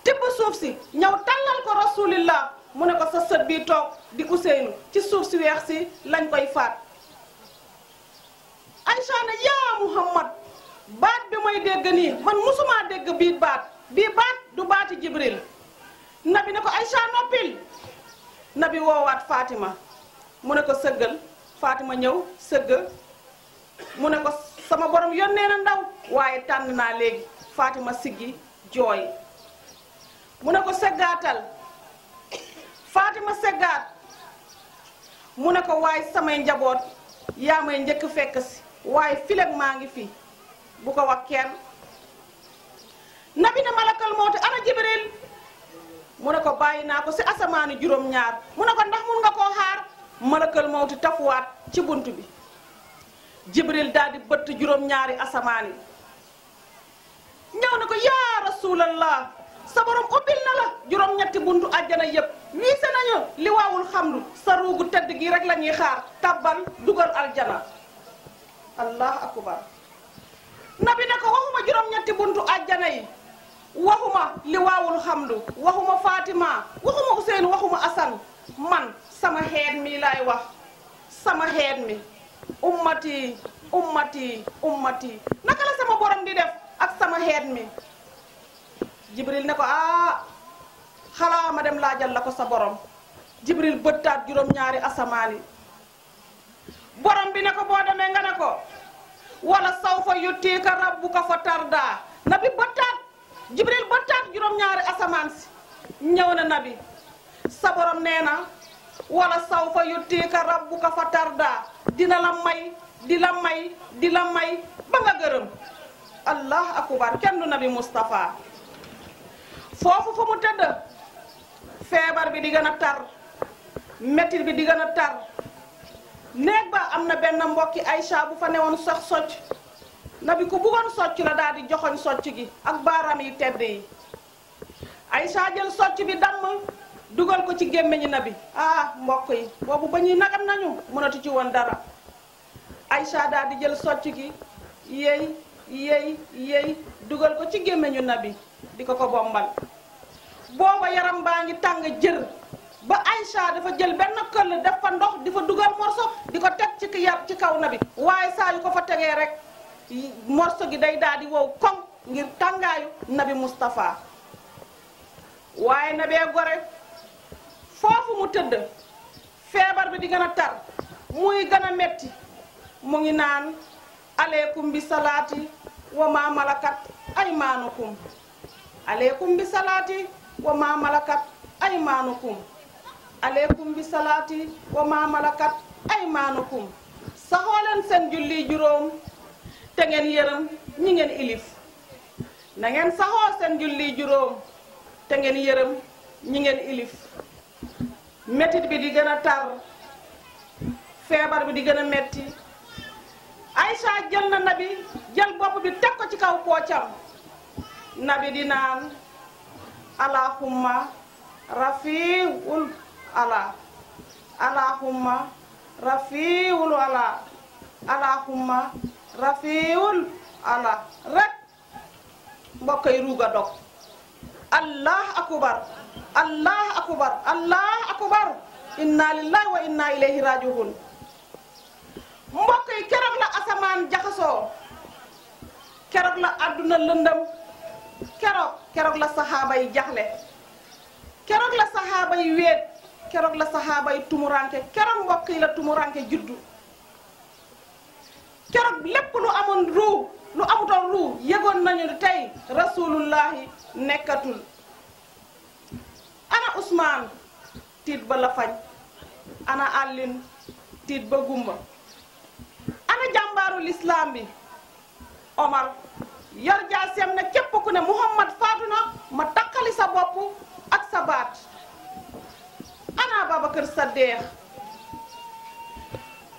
tibb suuf si ñëw tàllal ko rasulillah mu ne ko sa sët bii toog di Ousseynou ci suuf si weex si lañ koy faat ay ne yaa Muhammad baat bi may dégg nii man musumaa dégg bii baat bii baat du baati Jibril nabi ne ko Aïcha noppil nabi woowaat Fatima mu ne ko sëggal Fatima ñëw sëgg mu ne ko sama borom yónnee na ndaw waaye tànn naa léegi Fatima siggi jooy mu ne ko sëggaatal Fatima sëggaat mu ne ko waaye samay njaboot yaa may njëkk fekk si waaye fileg maa ngi fi bu ko wax kenn nabi na malakal mawti ana jibril mu ne ko bàyyi naa ko si asamaani juróom-ñaar mu ne ko ndax mun nga koo xaar malakal mawti tafuwaat ci bunt bi jibril daal di bëtt juróom-ñaari asamaan ñëw ne ko yaa rasulallah sa borom ubbil na la juróom-ñetti buntu àjjana yépp wiise nañu li waawul xamdu sa ruugu tedd gi rek lañuy ñuy xaar tabbal dugal aljana allah akbar bi ne ko waxuma juróom-ñetti buntu àjjana yi waxuma li waawul xamdu waxuma fatima waxuma useynu waxuma asan man sama xeet mi lay wax sama xeet mi ummati ummati ummati naka la sama borom di def ak sama xeet mi jibril ne ko ah xalaa ma dem laajal la ko sa borom jibril bëttaat juróom-ñaari asamaani borom bi ne ko boo demee nga ne ko wala sawfa yutiika rabbuka fa tarda nabi bëttaat jibril bëttaat juróom-ñaari asamaan si ñëw na nabi sa borom nee na wala saw fa yuttiika rabbuka fa tarda dina la may di la may di la may ba nga gërëm allah akubar kenn du nabi Moustapha foofu fu mu tëdd feebar bi di gën a tar métit bi di gën a tar néeg ba am na benn mbokki Aïcha bu fa newoon sax socc nabi ku bëggoon socc la daal di joxoñ socc gi ak baaraam yi tedd yi Aïcha jël socc bi damm dugal ko ci gémmiñu nabi ah mbokk yi boobu ba ñuy nagam nañu mënatu ci woon dara Aïcha daal jël socc gi yéy yéy yéy dugal ko ci gémmiñu nabi di ko ko bombal booba yaram baa ngi tàng jër ba Aïcha dafa jël benn këll def fa ndox di fa dugal morso di ko teg ci ci kaw nabi waaye saa yu ko fa tegee rek morso gi day daal di wow koŋ ngir tàngaayu nabi Moustapha waaye nabee gore foofu mu tëdd feebar bi di gën a tar muy gën a metti mu ngi naan aleykum bi salaati wa ma malakat aymaanukum aleykum bi salaati wa ma malakat aymaanukum aleykum seen julli juróom te ngeen yërëm ñi ngeen ilif na ngeen saxoo seen julli juróom te ngeen yërëm ñi ngeen ilif metit bi di gën a tar feebar bi di gën a metti Aïcha jël na nabi jël bopp bi teg ko ci kaw poocam nabi di naan allahumma rafiul ala allahumma rafiul ala allahumma rafiul ala rek mbokk dog allah akubar allah akubar allah akubar inna lillahi wa inna ilayhi rajiun mbokk yi keroog la asamaan jaxasoo keroog la àdduna lëndëm keroog keroog la saxaaba yi jaxle keroog la saxaaba yi wéet keroog la saxaaba yi tumuranke keroog mbokk la tumuranke juddu keroog lépp lu amoon ruu lu amutoon ruu yëgoon nañu tey rasulullahi nekkatul ana Ousmane tiit ba la fañ ana Alioune tiit ba gumba ana jàmbaaru lislaam bi Omar yor jaaseem na képp ku ne Muhammad faatu na ma takkali sa bopp ak sa baat ana Babacar Saddeex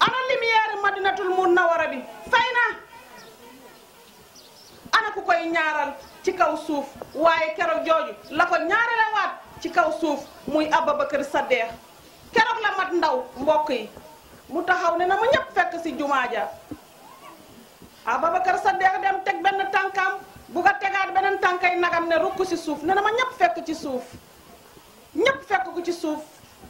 ana lumière madinatul munawara bi fay na ana ku koy ñaaral ci kaw suuf waaye keroog jooju la ko ñaarale ci kaw suuf muy Ababacar Saddeex keroog la mat ndaw mbokk yi mu taxaw ne na ma ñëpp fekk si jumaa ja Ababacar Saddeex dem teg benn tànkam bu ko tegaat beneen tànkay nagam ne rukk ci suuf ne na ma ñëpp fekk ci suuf ñëpp fekk ko ci suuf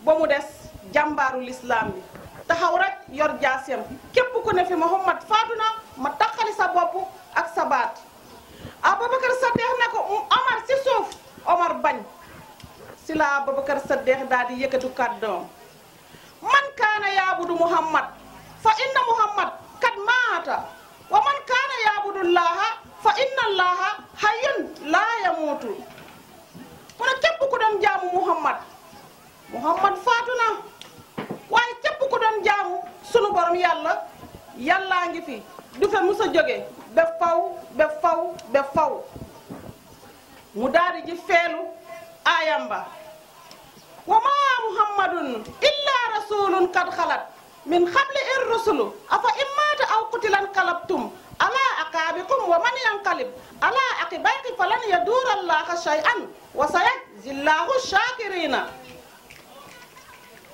ba mu des jàmbaaru lislaam bi taxaw rek yor jaasem képp ku ne fi Muhammad faatu na ma taxali sa bopp ak sa baat Ababacar Saddeex ne ko Omar si suuf Omar bañ si la Babacar Saddeex daal di yëkkatu kàddoom man kaana yaabudu muhammad fa inna muhammad kad maata wa man kaana yaabudu laaha fa inna laaha hayyun laa yamuutu képp ku doon jaamu muhammad muhammad faatu na waaye képp ku doon jaamu sunu borom yàlla yàllaa ngi fi du fe musa jóge ba faw ba faw ba faw mu daal di feelu aayam ba wa ma muhammadun illa rasulun qad xalat min xable ir rusulu afa immaata aw qutilan kalabtum ala aqaabikum wa man yanqalib ala aqibayki falan yaduura allaha shay'an wa sayajzi llahu shakirina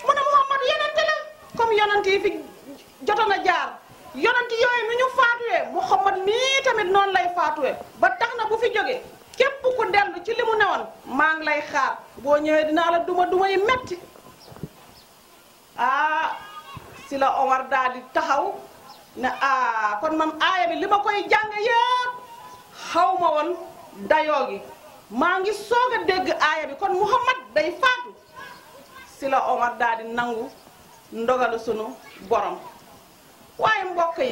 mu ne muhammadu yonente la comme fi jotoon a jaar yonente yooyu nu ñu faatuwee muhammad mii tamit noonu lay faatuwee ba tax na bu fi jógee képp ku dellu ci limu mu newoon maa ngi lay xaar boo ñëwee dinaa la duma duma yi metti ah si la Omar daal di taxaw ne ah kon man aaya bi li ma koy jàng yëpp xaw woon dayoo gi maa ngi soog a dégg aaya bi kon Muhammad day faatu si la Omar daal di nangu ndogalu sunu borom waaye mbokk yi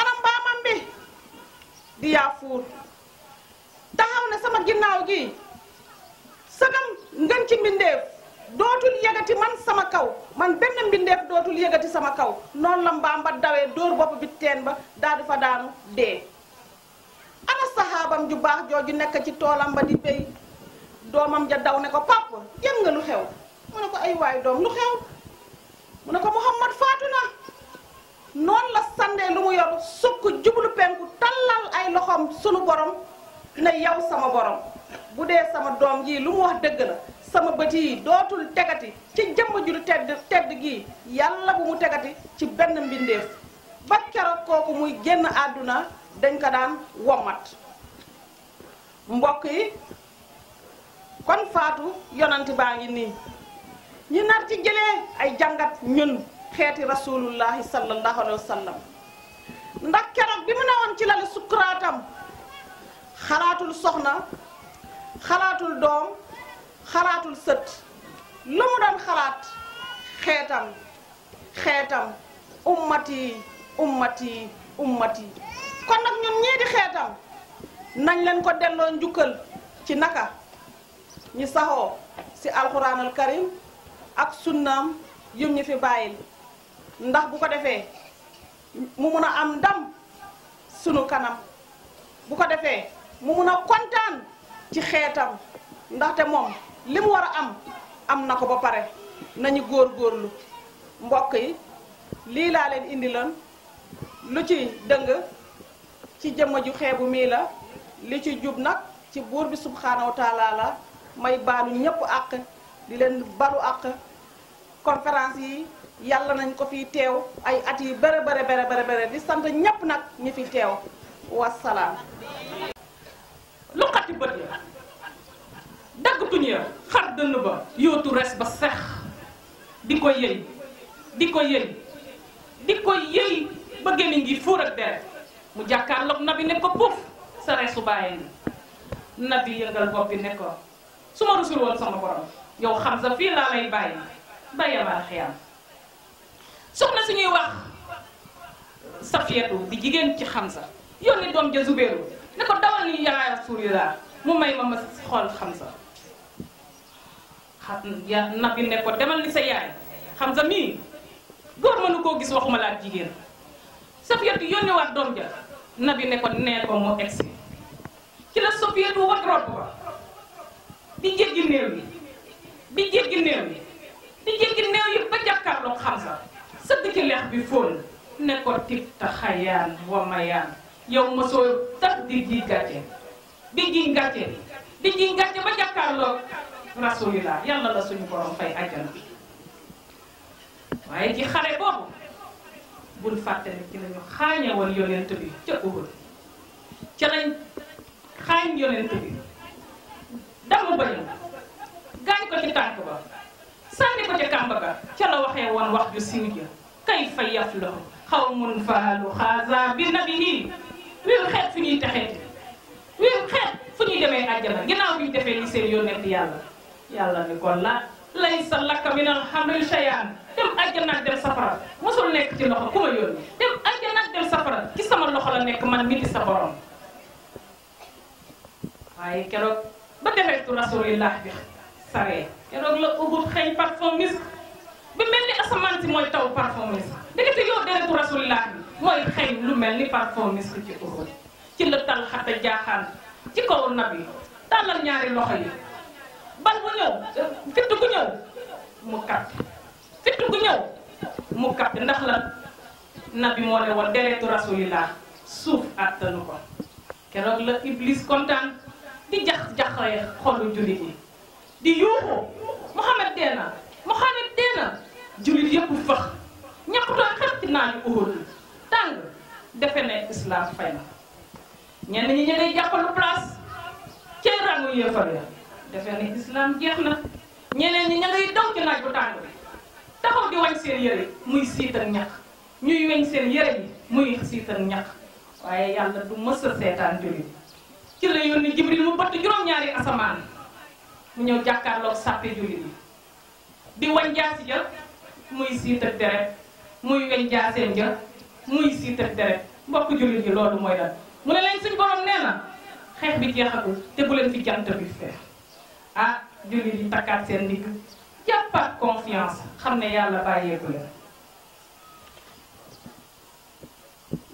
anam mbaamam bi di yaafuur taxaw na sama ginnaaw gi sagam ngeen ci mbindeef dootul yëgati man sama kaw man benn mbindeef dootul yëgati sama kaw noonu la mbaamba dawee dóor bopp bi teen ba daal di fa daanu dee ana saxaabam ju baax jooju nekk ci toolam ba di béy doomam ja daw ne ko pàpp yëg nga lu xew mu ne ko ay doom lu xew mu ne ko Muhammad faatu na noonu la sandee lu mu yor sukk jublu penku tallal ay loxoom sunu borom ne yow sama borom bu dee sama doom ji lu mu wax dëgg la sama bët yi dootul tegati ci jëmm ju du tedd tedd gii yàlla bu mu tegati ci benn mbindeef ba keroog kooku muy génn àdduna dañ ko daan womat mbokk yi kon faatu yonanti baa ngi nii ñu nar ci jëlee ay jàngat ñun xeeti rasulullahi sallallahu alayhi wa sallam ndax keroog bi mu newoon ci lali sukkuraatam xalaatul soxna xalaatul doom xalaatul sët lu mu doon xalaat xeetam xeetam ummati ummati ummati kon nag ñun ñii di xeetam nañ leen ko delloo njukkal ci naka ñu saxoo ci alxuraanal karim ak sunnaam yum ñu fi bàyyil ndax bu ko defee mu mun a am ndam sunu kanam bu ko defee mu mun a kontaan ci xeetam ndaxte moom li mu war a am am na ko ba pare nañu góor góorgóorlu mbokk yi lii laa leen indi lan lu ci dëng ci jëmm ju xeebu mii la li ci jub nag ci buur bi subxanahu wa la may baanu ñëpp àq di leen balu àq conférence yi yàlla nañ ko fi teew ay at yi bëre bëre bëre bëre di sant ñëpp nag ñu fi teew wasalaam. lu xati bët ya dagg tuñ ya xar dënn ba yóotu res ba sex di ko yëy di ko yëy di ko yëy ba gémmiñ gi fuur ak deret mu na bi ne ko puuf sa reesu bàyyi ni nabi yëngal bopp ne ko su ma rusul woon sama borom yow xam sa fii laa lay bàyyi bàyyi ma xiyam soxna suñuy wax safiyatu di jigéen ci xam sa yónni doom ja Zubeyru ne ko dawal ni yaa Rasulillah mu may ma ma xool Xamsa xam nabi ne ko demal ni sa yaay Xamsa mii góor mënu koo gis waxuma laa jigéen Safiyatu yónnewaat doom ja nabi ne ko neel ko mu egsi ci la Safiyatu wat robb ba di jéggi néew yi di jéggi néew yi di jéggi néew yi ba jàkkaarloog Xamsa sëgg ci leex bi fóon ne ko tig taxayaan wa mayaan yow mosoo tax di ji gàcce di ji gàcce di ji gàcce ba jàkkaarloo rasulillah yàlla la suñu borom fay àjjana waaye ci xare boobu bul fàtte ci lañu xaañewoon yonent bi ca Uhud ca lañ xaañ yonent bi damu bañu gaañ ko ci tànk ba sànni ko ca kàmb ga ca la waxee woon wax ju siiw ja kay fa yaf loxo xaw mun faalu xaasa bi nabi wéeru xeet fu ñuy texee wéeru xeet fu ñuy demee àjjana ginaaw bi ñu defee li seen yónneent yàlla yàlla ni kon la laysa laka min alhamri shay'an dem àjjana ak dem safara mosul nekk ci loxo ku ma yónni dem àjjana ak dem safara ci sama loxo la nekk man mi di sa borom waaye keroog ba defeetu rasulillah bi saree keroog la ubud xëy parfum misk bi mel ni asamaan si mooy taw parfum misk ndekete yow deretu rasulillah bi mooy xëy lu mel ni parfum misk ci uxud ci la tal xata jaaxaan ci kaw nab yi tàllal ñaari loxo yi bal bu ñëw fitt bu ñëw mu katt fitt bu ñëw mu katt ndax la nabi moo ne woon deretu rasulillah suuf àttanu ko keroog la iblis kontaan di jax jaxee xolu jullit yi di yuuxu Muhammad dee na Muhammad dee na jullit yëpp fëx ñàkkutoon xet ci naaju Uhud tàng defe ne islam fay na ñenn ñi ñu ngi jàppalu place ci rangu yéefar ya defe ne islam jeex na ñeneen ñi ña yi daw ci naaj bu tàng bi taxaw di wañ seen yëre muy siit ak ñax ñuy weñ seen yëre yi muy siit ak ñax waaye yàlla du mës a seetaan jullit ci la yónni jibril mu bëtt juróom-ñaari asamaan mu ñëw jàkkaarloog sàppe jullit yi di wañ jaasi ja muy siit ak deret muy weñ jaaseen ja muy si teg deret mbokk jullit yi loolu mooy lan mu ne leen suñ borom nee xeex bi jeexagul te bu leen fi jant bi feex ah jullit yi takkaat seen ndigg jàppaat confiance xam ne yàlla bàyyeeku leen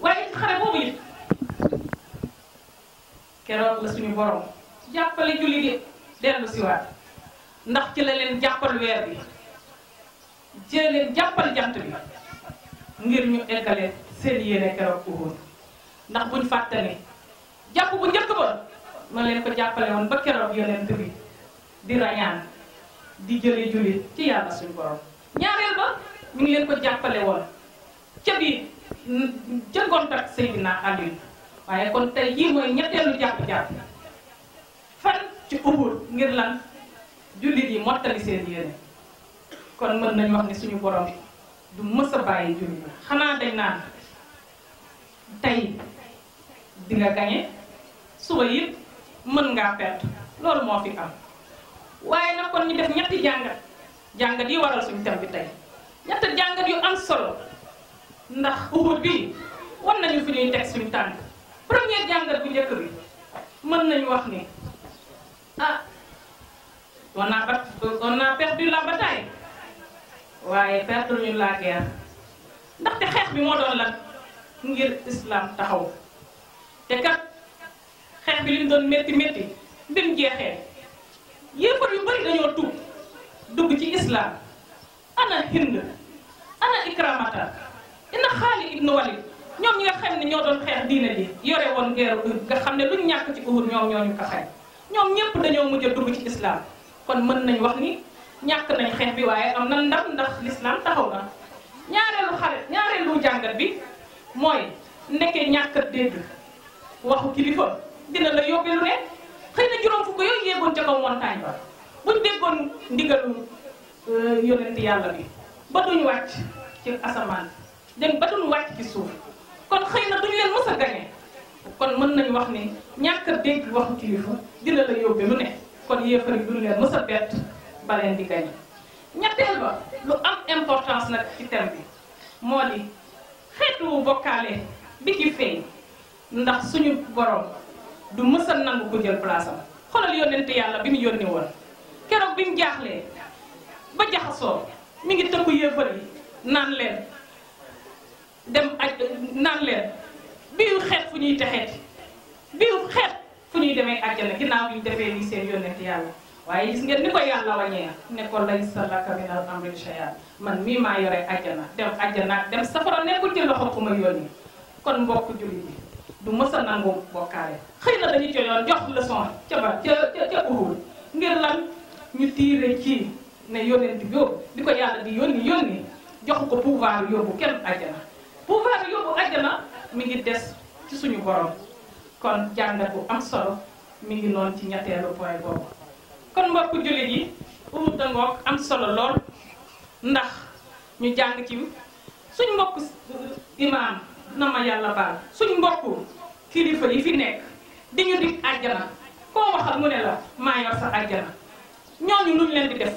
waaye xare boobu it keroog la suñu borom jàppale jullit yi dellu siwaat ndax ci la leen jàppal weer bi ci la leen jàppal jant bi ngir ñu eggale seen yéene keroog Uhud ndax buñ fàttali jàpp bu njëkk ba ma leen ko jàppale woon ba keroog yonent bi di rañaan di jële jullit ci yàlla suñu borom ñaareel ba mi ngi leen ko jàppale woon ca biir jëngoon tak Seydina Aliou waaye kon tey yii mooy ñetteelu jàpp-jàpp fan ci Uhud ngir lan jullit yi mottali seen yéene kon mën nañ wax ni suñu borom du mës bàyyi julli la xanaa dañ naan tey dinga nga suba yëpp mën ngaa perte loolu moo fi am waaye nag kon ñu def ñetti jàngat jàngat yi waral suñu thème bi tey ñetti jàngat yu am solo ndax xuxut bi war nañu fi ñuy teg suñu tànk première jàngat bu njëkk bi mën nañu wax ni ah on a on a perdu la bataille waaye perte ñu la guerre xeex bi moo doon lan ngir islam taxaw te kat xeex bi li mu doon métti métti bi mu jeexee yéefar yu bari dañoo tuub dugg ci islam ana hind ana ikramata ina xaali ibnu walid ñoom ñi nga xam ne ñoo doon xeex diine ji yore woon guerre nga xam ne luñ ñàkk ci Uhud ñoom ñoo ñu ko xay ñoom ñépp dañoo mujj dugg ci islam kon mën nañ wax ni ñàkk nañ xeex bi waaye am na ndam ndax lislaam taxaw na ñaareelu xare ñaareelu jàngat bi mooy nekkee ñàkk a dégg waxu kilifa dina la yóbbee lu ne na juróom fukk yooyu yéegoon ca kaw montagne ba buñ déggoon ndigalu euh, yàlla bi ba duñ asamaan dem ba duñ wàcc suuf kon xëy na duñ leen mës a gañe kon mën nañu wax ni ñàkk a dégg waxu kilifa dina la kon yéefar yi leen mës a bett ba leen di gañe ñetteel ba lu am importance nag ci thème bi moo di xeetu bokkaale bi ci feeñ ndax suñu borom du mës a nangu ko jël place am xoolal yónnent yàlla bi mu yónni woon keroog bi mu jaaxlee ba jaxasoo mi ngi tëkku yéefar bi naan leen dem aj naan leen biu xeet fu ñuy texeeti biu xeet fu ñuy demee àjjana ginnaaw bi ñu defee lii seen yónnent yàlla waaye gis ngeen ni ko yàlla wañee ne ko lay sa laka minal amri shay'an man mii maa yore àjjana dem àjjana ak dem safara nekkul ci loxo ku yoon yónni kon mbokk jullit yi du mës a nangu bokkaale xëy na dañu coyoon jox leçon ca ba ca ca Uhud ngir lan ñu tiire ci ne yónent bi yóbbu di ko yàlla di yoon yoon yónni jox ko pouvoir yóbbu kenn àjjana pouvoir yóbbu àjjana mu ngi des ci suñu borom kon jàngat bu am solo mu ngi noonu ci ñetteelu point boobu kon mbokk jullit yi umu dangoog am solo lool ndax ñu jàng ci suñ mbokk imaam na ma yàlla baal suñ mbokk kilifa yi fi nekk di ñu dig àjjana koo waxal mu ne la maa yor sa àjjana ñooñu luñ leen di def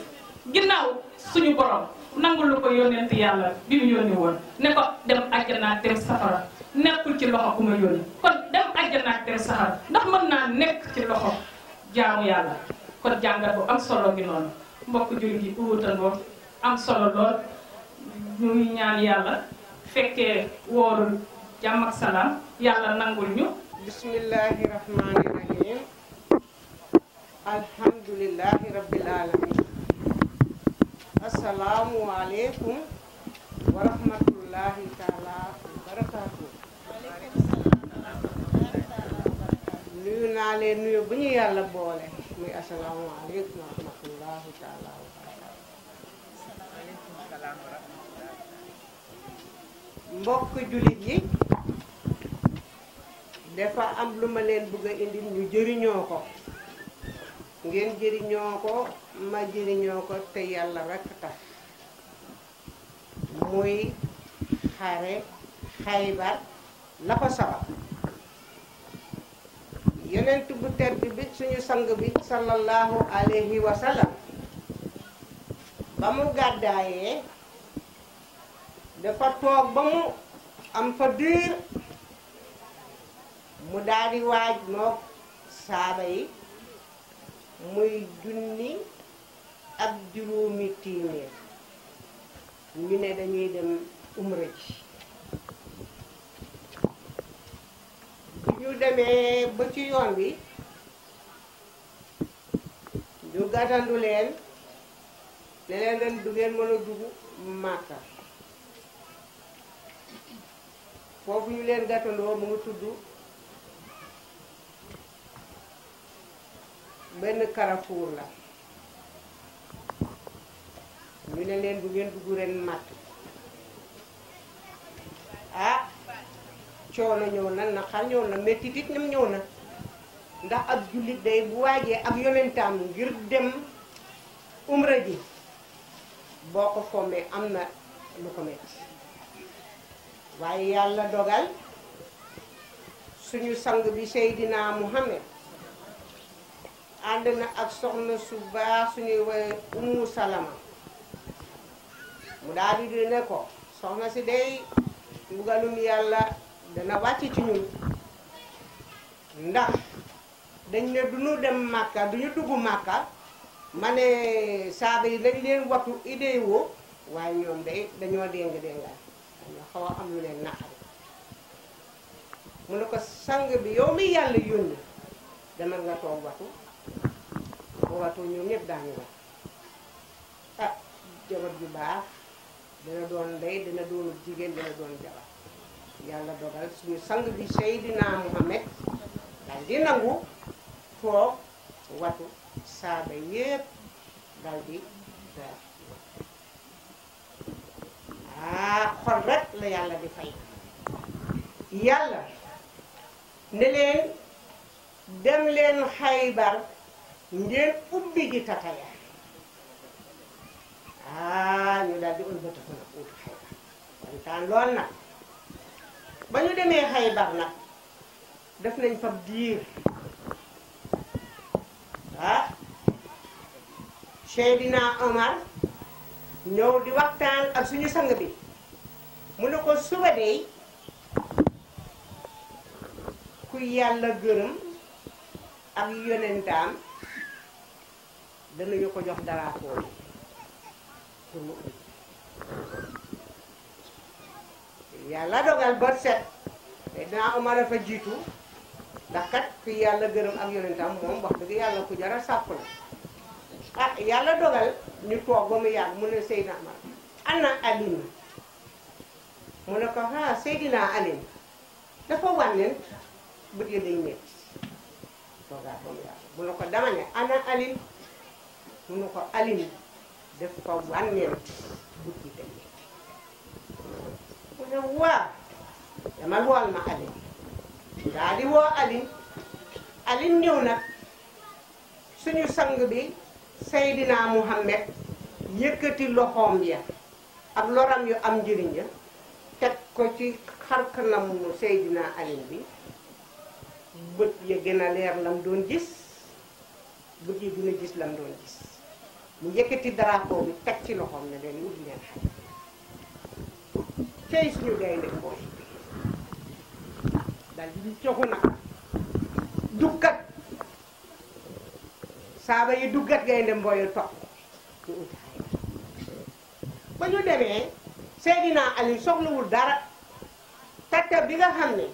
ginnaaw suñu borom nangul lu ko yónnent yàlla bi mu yónni woon ne ko dem àjjana dem safara nekkul ci loxo ku ma yónni kon dem àjjana dem safara ndax mën naa nekk ci loxo jaamu yàlla kon jàngat bu am solo ngi noonu mbokk jullit yi uwutandoo am solo lool ñuy ñaan yàlla fekkee woorul jàmm salaam yàlla nangul ñu bismillahi rahmani rahim alhamdulillahi rabbil alamin assalaamu aleykum wa rahmatullahi taala nuyu naa leen nuyu bu ñu yàlla boole muy asalaamaaleykum wa rahmatullaahi taala wa mbokk jullit yi dafa am lu ma leen bëgg a indi ñu jëriñoo ko ngeen jëriñoo ko ma jëriñoo ko te yàlla rekk tax muy xare xaybar la ko sabab yeneen bu tedd bi suñu sang bi sallallahu alayhi wa sallam ba mu gàddaayee dafa toog ba mu am fa diir mu daldi di waaj mook saaba yi muy junni ak juróomi téeméer ñu ne dañuy dem umra ñu demee ba ci yoon bi ñu gàttandu leen ne leen ren du ngeen mën a dugg Màkka foofu ñu leen gàttandoo mu ngi tudd benn Carrefour la ñu ne leen du ngeen dugg ren màtt ah coono ñëw na naqar ñëw na mettit it ñoom ñëw na ndax ak jullit day bu waajee ab yonentaam ngir dem umra ji boo ko fommee am na lu ko metti waaye yàlla dogal suñu sang bi Seydina Muhammad ànd na ak soxna su baax suñuy woy Umu Salama mu daal di ne ko soxna si day mbugalum yàlla dana wàcc ci ñun ndax dañ ne du ñu dem màkka du ñu dugg màkka ma ne saaba yi dañ leen wattu idée waaye ñoom day dañoo déng déngaay dañoo xaw a am lu leen naqari mu ne ko sang bi yow mi yàlla yónni dama nga toog watu bu watu ñoom ñëpp daañu wat ah jabar ju baax dina doon ndey dina doonu jigéen dina doon jabar yàlla dogal suñu sang bi Seydina Muhammad dal di nangu toog watu saaba yépp dal ah xol rek la yàlla di fay yàlla ne leen dem xaybar ngeen ubbi ji tataya ah ñu daal di ëlbatiku nag ut xaybar kontaan lool nag ba ñu demee Xaybar nag def nañ fa diir ah Seydina Omar ñëw di waxtaan ak suñu sang bi mu ne ko suba dey ku yàlla gërëm ak yonentaam danañu ko jox daraakoo yi pour mu yàlla dogal ba set Seydina Omar a fa jiitu ndax kat yàlla gërëm ak yonentam moom wax dëgg yàlla ku jara sàpp la ah yàlla dogal ñu toog ba mu yàgg mu ne Seydina Omar ana ko ah Seydina Alioune dafa wànneen bët yi day métti toogaat ba ko dama ana Alioune mu ne ko Alioune dafa wànneen bët yi day ku ne waa ma Alin daal di woo Alin Alin ñëw na suñu sang bi Seydina Muhammad yëkkati loxoom ya ak loram yu am njëriñ ya teg ko ci xar kanamu Seydina Alin bi bët ya gën a leer lam doon gis bët ya gën a gis lam doon gis mu yëkkati drapeau bi teg ci loxoom ne leen ubbi leen xaj tey suñu gaynde mooy dal di coxu nag duggat saaba yi duggat gaynde mbooyu topp ñu ba ñu demee Seydina Ali soxlawul dara tatta bi nga xam ne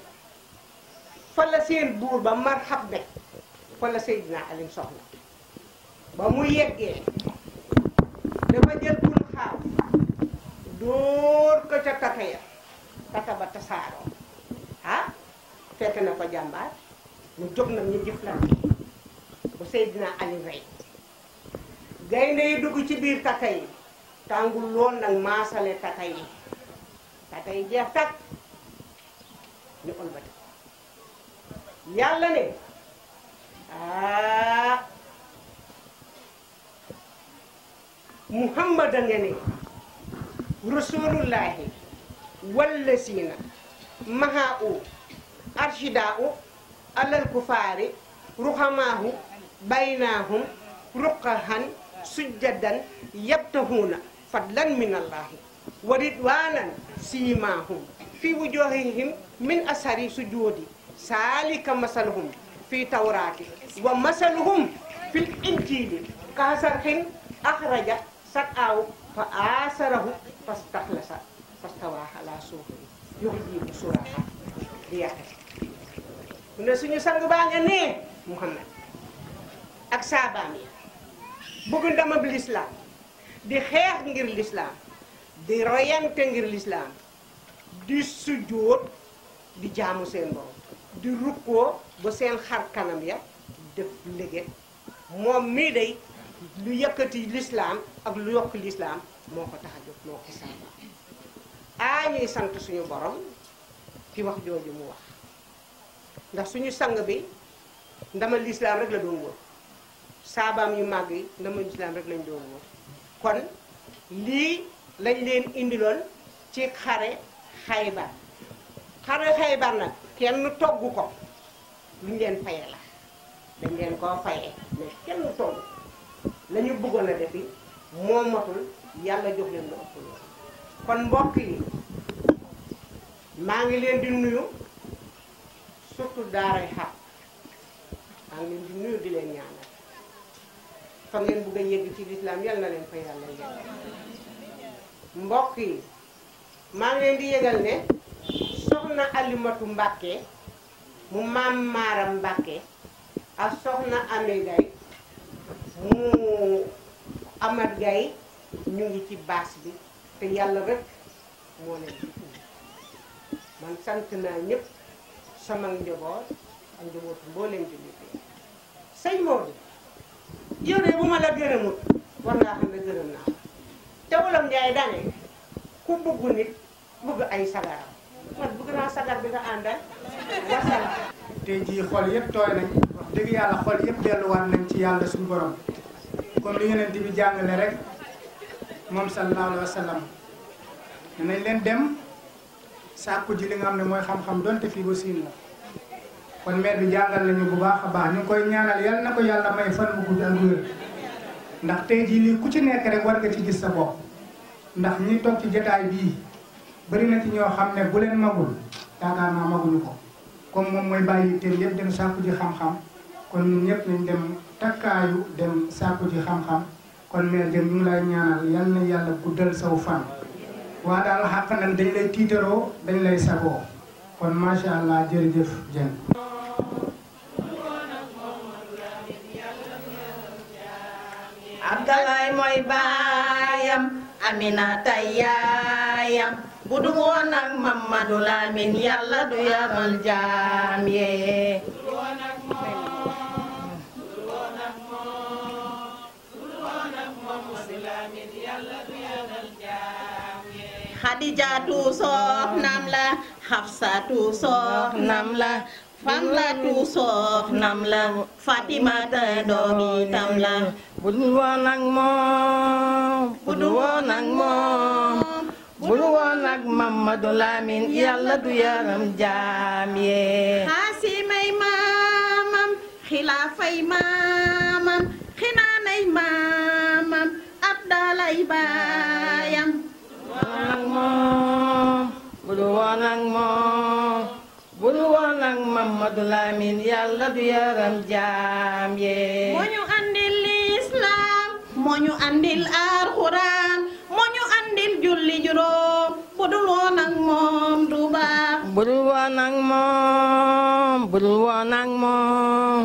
fa la seen buur ba marxab ne fa la Seydina Ali soxla ba mu yeggee dafa jël bul xaar dóor ko ca tata ya tata ba tasaaroo ah fekk na ko jàmbaar mu jóg nag ñu jëflante bu Seydina Ali rey gaynde yi dugg ci biir tata yi tàngul lool nag maasale tata yi tata yi jeex tak ñu ëlbati yàlla ne ah Muhammad a nga ne rasulullahi wallasiina mahau arshidau alal kufaari ruhamaahu baynaahum ruqahan sujjadan yabtahuuna fadlan min allahi wa ridwanan fi wujuhihim min asari sujuudi saalika masaluhum fi tawraati wa masaluhum fil injiili ka akhraja sat'aahu fa aasarahu fastaxlasa fastawaa alaa suufihi yuhyi suraaha di yàqe mu ne suñu sang baa nga nee Muhammad ak saabaam yi bëgg ndamab lislaam di xeex ngir lislaam di royante ngir lislaam di sujjóot di jaamu seen borom di rukkoo ba seen xar kanam ya def léegi moom mii day lu yëkkati lislaam ak lu yokk lislaam moo ko tax a jóg moo ko saaba ah ñuy sant suñu borom ci wax jooju mu wax ndax suñu sang bi ndama lislaam rek la doon woo saabaam yu màgg yi ndama lislaam rek lañ doon wër kon lii lañ leen indiloon ci xare xaybar xare xaybar nag kenn toggu ko luñ leen faye la dañ leen koo fayee mais kenn togg lañu bëggoon a defi moo matul yàlla jox leen lu ëpp loolu kon mbokk yi maa ngi leen di nuyu surtout daaray xar maa ngi leen di nuyu di leen ñaanal fa ngeen bëgg a yegg ci lislaam yal na leen fa yàlla yàlla mbokk yi maa ngi leen di yëgal ne soxna alimatu mbàkke mu maam maaram mbàkke ak soxna ame gay mu amat gay ñu ngi ci baas bi te yàlla rek moo leen man sant naa ñëpp sama njaboot ak njabootu mbooleem di liggéey sëñ Maodo yow de bu ma la gërëmut war ngaa xam ne gërëm naa te wolof Njaay dane ku bëgg nit bëgg ay sagaram man bëgg naa sagar bi nga àndal wasal tey jii xol yëpp tooy nañ wax dëgg yàlla xol yëpp delluwaat nañ ci yàlla suñu borom comme li yonent bi jàngale rek moom sallallahu alayhi wa sallam nañ leen dem sàkku ji li nga xam ne mooy xam-xam donte fii ba siin la kon maire bi jàngal nañu bu baax a baax ñu koy ñaanal yal na ko yàlla may fan bu gudd ak wér ndax te jii lii ku ci nekk rek war nga ci gis sa bopp ndax ñi toog ci jotaay bii bari na ci ñoo xam ne bu leen magul yaakaar maguñu ko comme moom mooy bàyyi teel yëpp dem sàkku ji xam-xam kon ñun ñëpp nañ dem takkaayu dem sàkku ji xam-xam. kon mère Diop ñu lay ñaanal yàlla guddal saw fan. waa daal xàq nag dañ lay tiitaroo dañ lay sagoo kon macha allah jërëjëf Dieng. Abdoulaye mooy baayam Amina yaayam bu dul woon ak Mamadou Lamine yàlla du yamal jaam yee. xadijaatu soxnaam la xafsatu soxnaam la Famlatu du yaram jaam yee xaasimay maamam xilaafay maamam xinaanay maamam abdalay baayam woon ak moom bu du woon ak moom bu du woon ak Mamadou Lamine yàlla du yaram jaam yee moo ñu andil lislaam moo ñu andil alxuraan moo ñu andil julli juróom bu dul woon ak moom du baax bu dul woon ak moom bu dul woon ak moom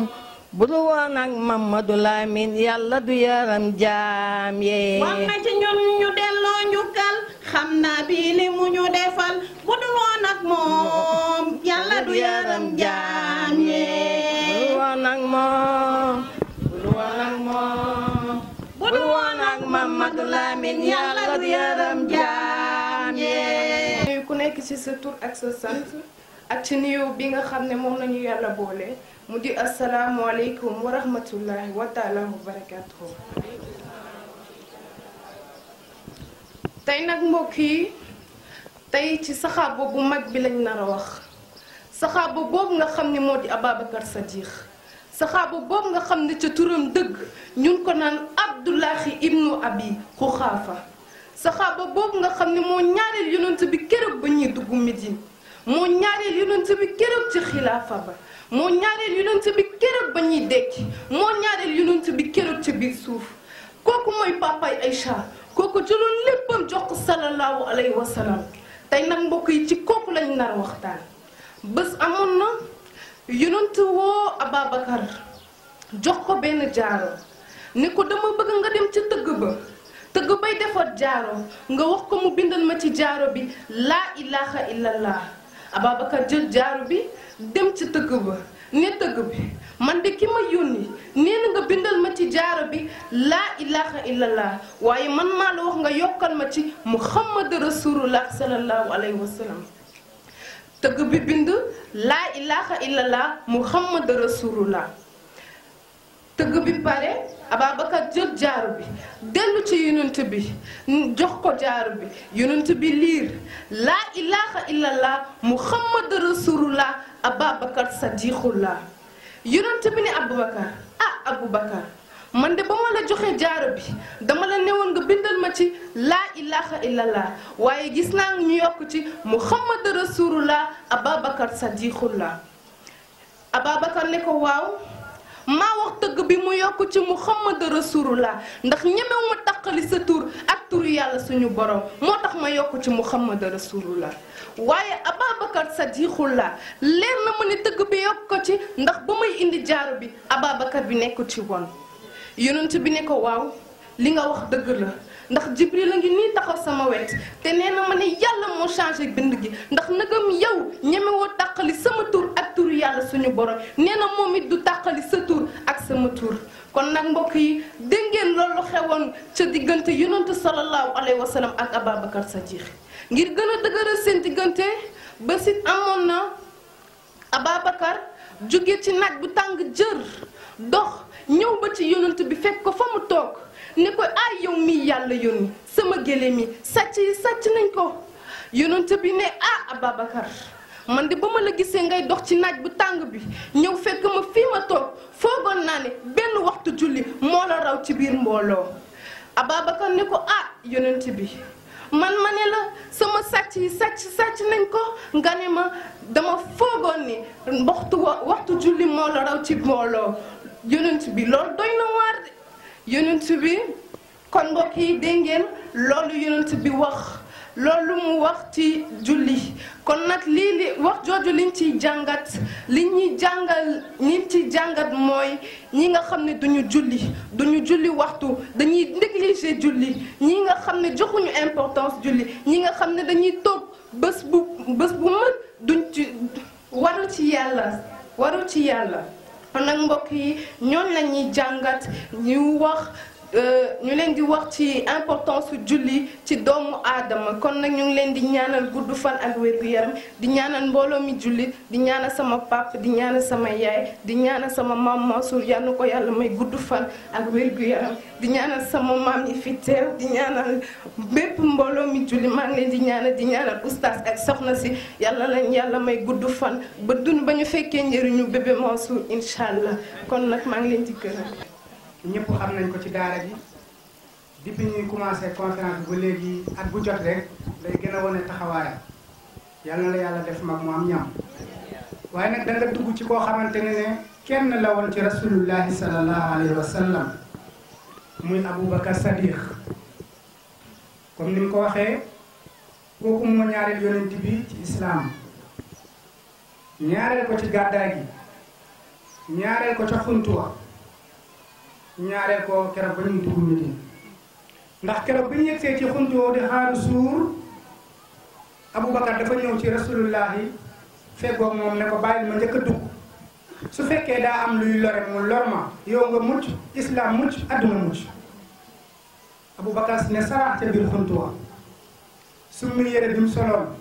bu dul woon ak Mamadou Lamine yàlla du yaram jaam yee wax na ci ñun ñu delloo xam naa bii li mu ñu defal bu dul woon ak moom yàlla du yërëm jaam yi bu dul woon ak moom bu dul woon ak moom bu dul woon ak Mamadou Lamine yàlla du yërëm jaam yi ku nekk ci sa tur ak sa sant ak ci nuyu bi nga xam ne moom lañu yàlla boole mu di assalaamu aleykum wa rahmatullahi wa taala wa barakaatuhu tey nag mbokk yi tey ci saxaaba bu mag bi lañ nar a wax saxaaba boobu nga xam ni moo di Ababacar Sadiq saxaaba boobu nga xam ni ca turam dëgg ñun ko naan Abdullahi ibnu Abi Xuxaafa saxaaba boobu nga xam ne moo ñaareel yonent bi keroog ba ñuy dugg Medine moo ñaareel yonent bi keroog ci xilaafa ba moo ñaareel yonent bi keroog ba ñuy dekki moo ñaareel yonent bi keroog ca biir suuf kooku mooy papaay Aïcha kooku jëloon léppam jox ko sallallahu alayhi wa sallam tey nag mbokk yi ci kooku lañu naan waxtaan bés amoon na yonent woo Ababacar jox ko benn jaaro ni ko dama bëgg nga dem ca tëgg ba tëgg bay defar jaaro nga wax ko mu bindal ma ci jaaro bi laa ilaha illallah Ababacar jël jaaro bi dem ca tëgg ba ne tëgg bi man de ki ma yónni nee nga bindal ma ci jaaro bi laa ilaha illallah waaye man maa la wax nga yokkal ma ci muhammad rasulullah sallallahu alayhi wa sallam tëgg bi bind laa ilaha illallah muhammad rasulullah tëgg bi pare Ababacar jël jaaro bi dellu ci bi jox ko jaaro bi yonent bi liir laa ilaha illallah Ababakar Sadikhullaa yonent bi ne Aboubacar ah Aboubacar man de ba ma la joxe jaaro bi dama la newoon nga bindal ma ci laa ilaha illallah waaye gis naa ñu yokk ci Muhammad rasulullah Ababakar Sadikhullaa Ababakar ne ko waaw maa wax dëgg bi mu yokk ci Muhammad rasulullah ndax ñemewu ma taqali sa tur ak turu yàlla suñu borom moo tax ma yokk ci Muhammad rasulullah waaye sa Ababacar Sadikhoullah leer na ma ne tëgg bi yokk ko ci ndax ba may indi jaaro bi Ababacar bi nekk ci woon yonent bi ne ko waaw li nga wax dëgg la ndax Jibril a ngi nii taxaw sama wet te nee na ma ne yàlla moo changé bind gi ndax nagam yow ñemewoo tàqali sama tur ak tur yàlla suñu borom nee na moom it du tàqali sa tuur ak sama tuur kon nag mbokk yi dégg ngeen loolu xewoon ca diggante yonent sallallahu alayhi wa sallam ak Ababacar Sadiq ngir gën a dëgëral seen diggante ba si amoon na ababakar jóge ci naaj bu tàng jër dox ñëw ba ci yonant bi fekk ko fa mu toog ne ko ay yow mii yàlla yónni sama géléem yi sàcc yi sàcc nañ ko yonent bi ne ah Ababacar man de ba ma la gisee ngay dox ci naaj bu tàng bi ñëw fekk ma fii ma toog foogoon naa ne benn waxtu julli moo la raw ci biir mbooloo Ababacar ne ko ah yonent bi man ma ne la sama sàcc yi sàcc sàcc nañ ko nga ne ma dama foogoon ni waxtu waxtu julli moo la raw ci mbooloo yonent bi loolu doy na waar de yonent bi kon mbokk yi dégg ngeen loolu yonent bi wax loolu mu wax ci julli kon nag lii li wax jooju liñ ciy jàngat li ñuy jàngal nit ciy jàngat mooy ñi nga xam ne duñu julli duñu julli waxtu dañuy négliger julli ñi nga xam ne joxuñu importance julli ñi nga xam ne dañuy toog bés bu bés bu mën duñ ci waru ci yàlla waru ci yàlla kon nag mbokk yi ñoon la jàngat ñu wax Euh, ñu leen di wax ci importance su julli ci doomu aadama kon nag ñu ngi leen di ñaanal gudd fan ak wér-gu-yaram di ñaanal mbooloo mi julli di ñaanal sama pap di ñaanal sama yaay di ñaanal sama maam Mansour yal na ko yàlla may gudd fan ak wér-gu-yaram di ñaanal sama maam yi fi teew di ñaanal bépp mbooloo mi julli maa ngi leen di ñaanal di ñaanal oustaz ak soxna si yàlla leen yàlla may gudd fan ba dund ba ñu fekkee njëriñu bébé Mansour incha allah kon nag maa ngi leen di ñëpp xam nañ ko ci daara ji depuis ñuy commencé conférence bi ba léegi at bu jot rek day gën a wane taxawaayam yal na la yàlla def mag mu am ñam waaye nag danga dugg ci koo xamante ne ne kenn la woon ci rasulullahi sallallahu alayhi wa sallam muy Aboubacar Sadiq ni mu ko waxee kooku moo ñaareel yonent bi ci islaam ñaareel ko ci gàddaay gi ñaareel ko ca xuntuwa ñaareel ko keroog ba ñuy dugg Médine ndax keroog ba ñu yegsee ci xuntoo di xaaru suur Aboubacar dafa ñëw ci rasulullahi feggoog moom ne ko bàyyil ma njëkk a dugg su fekkee daa am luy lore mu lor ma yow nga mucc islam mucc adduna mucc Aboubacar ne saraax ca biir xuntuwa su mu yére bi mu soloon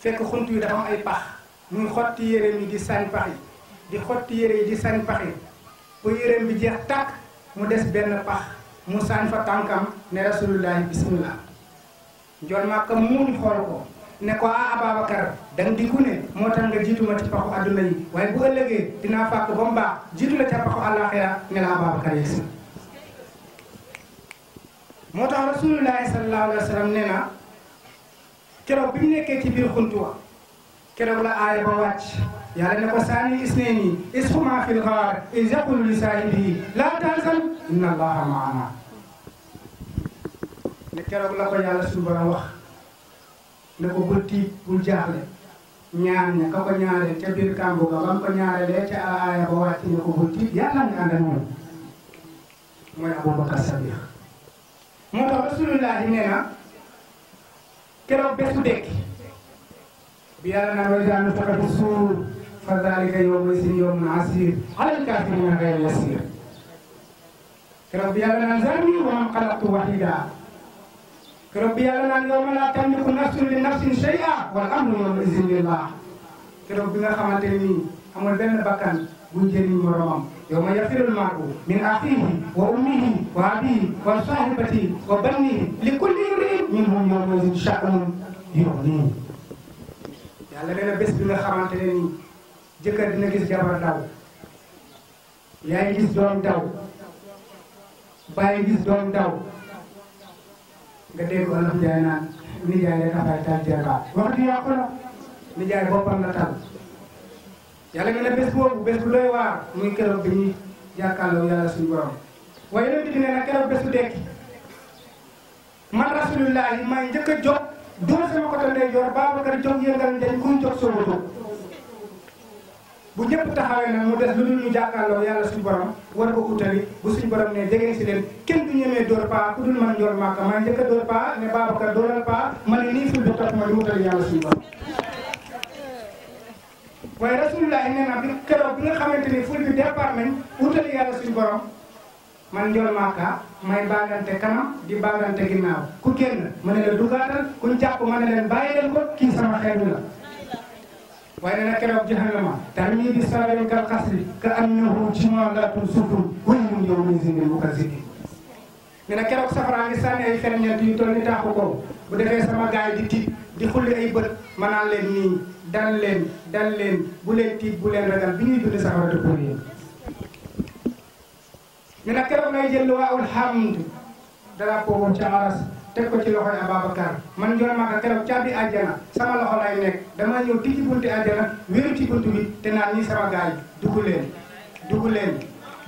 fekk xunt yi dafa am ay pax muy xotti yére yi di sañ pax yi di xotti yére yi di sañ pax yi bu yéreem bi jeex tàkk mu des benn pax mu fa tànkam ne rasulullahi bismillah njool màkka muuñ xool ko ne ko ah Ababacar da nga ne moo tax nga jiitu ci paxu adduna yi waaye bu ëllëgee dinaa fàkk ba mu baax jiitu la ca paxu àllaaxira moo tax rasulullahi sallallahu alayhi wa sallam nee na keroog bi mu nekkee ci biir xuntu wa keroog la aaya ba wàcc yàlla ne ko saani isnayni iz humaa fil ghaar iz yaqulu li saahibihi laa tahzan inna allaha maanaa ne keroog la ko yàlla suñu borom wax ne ko bul tiit bul jaaxle ñaan ka ko ñaaree ca biir kàmbu ga ko ñaarelee ca aaya ba ko bul tiit yàlla nga ànd moom mooy Aboubacar Sadiq moo tax rasulullahi nee keroog bésu dekki bi yàlla naa wa ja'alnaa fawqa suur fa dalika yow mooy seen yow mun asir alal kaafirina xayr yasir keroog bi yàlla naan zarni wa man xalaqtu wahida keroog bi yàlla naan yow ma laa tamliku nafsun li nafsin shay'a wal amru yawma izin lillah keroog bi nga xamante ni amul benn bakkan bu jëriñ moromam yawma yafirul mar'u min axiihi wa ummihi wa abiihi wa saahibatihi wa bannihi li kulli imri'in minhum yawma izin sha'nun yughnihi yàlla nee na bés bi nga xamante ne nii jëkkër dina gis jabar daw yaay gis doom daw bàyyi gis doom daw nga dégg olof jaay naan nijaay rek afay tal jeeba wax di yàqu la nijaay boppam la tal yàlla nga ne bés boobu bés bu doy waar muy keroog bi ñuy jàkkaarloo yàlla suñu borom waaye yonent bi nee na keroog bésu dekki man rasulillahi may njëkk a jóg duma sama côté ndeyjoor Babacar jóg yëngal njañ ku mu jóg soobatoo bu ñëpp taxawee nag mu des lu dul ñu jàkkaarloo yàlla suñu borom war ko utali bu suñu borom ne jege si leen kenn du ñemee dóor paa ku dul man njool maaka ma ne nii ful ma di utali yàlla bi nga xamante ni ful bi départ nañ utali yàlla suñu borom may baagante kanam di baagante ginnaaw ku génn ma ne la dugaatal kuñ jàpp ma ne leen bàyyi leen ko kii sama xeetu la waaye nag keroog jahannama tammi bi saari kal xasri ka annahu jimalatun sufrun kullun yawmin zindil mukazzibi ne na keroog safaraa ngi sànni ay ferñeent yu toll taaxu ko bu defee sama gaay di tiit di xulli ay bët ma naan leen nii dal leen dal leen bu leen tiit bu leen ragal bi ñuy dund safara te pour yéen ne na keroog lay jël waawul hamd dara ko ca teg ko ci loxoy Ababacar man Ndiol Maka keroog caabi àjjana sama loxo lay nekk dama ñëw tijji bunti àjjana wéeru ci buntu bi te naan ñi sama gaay dugg leen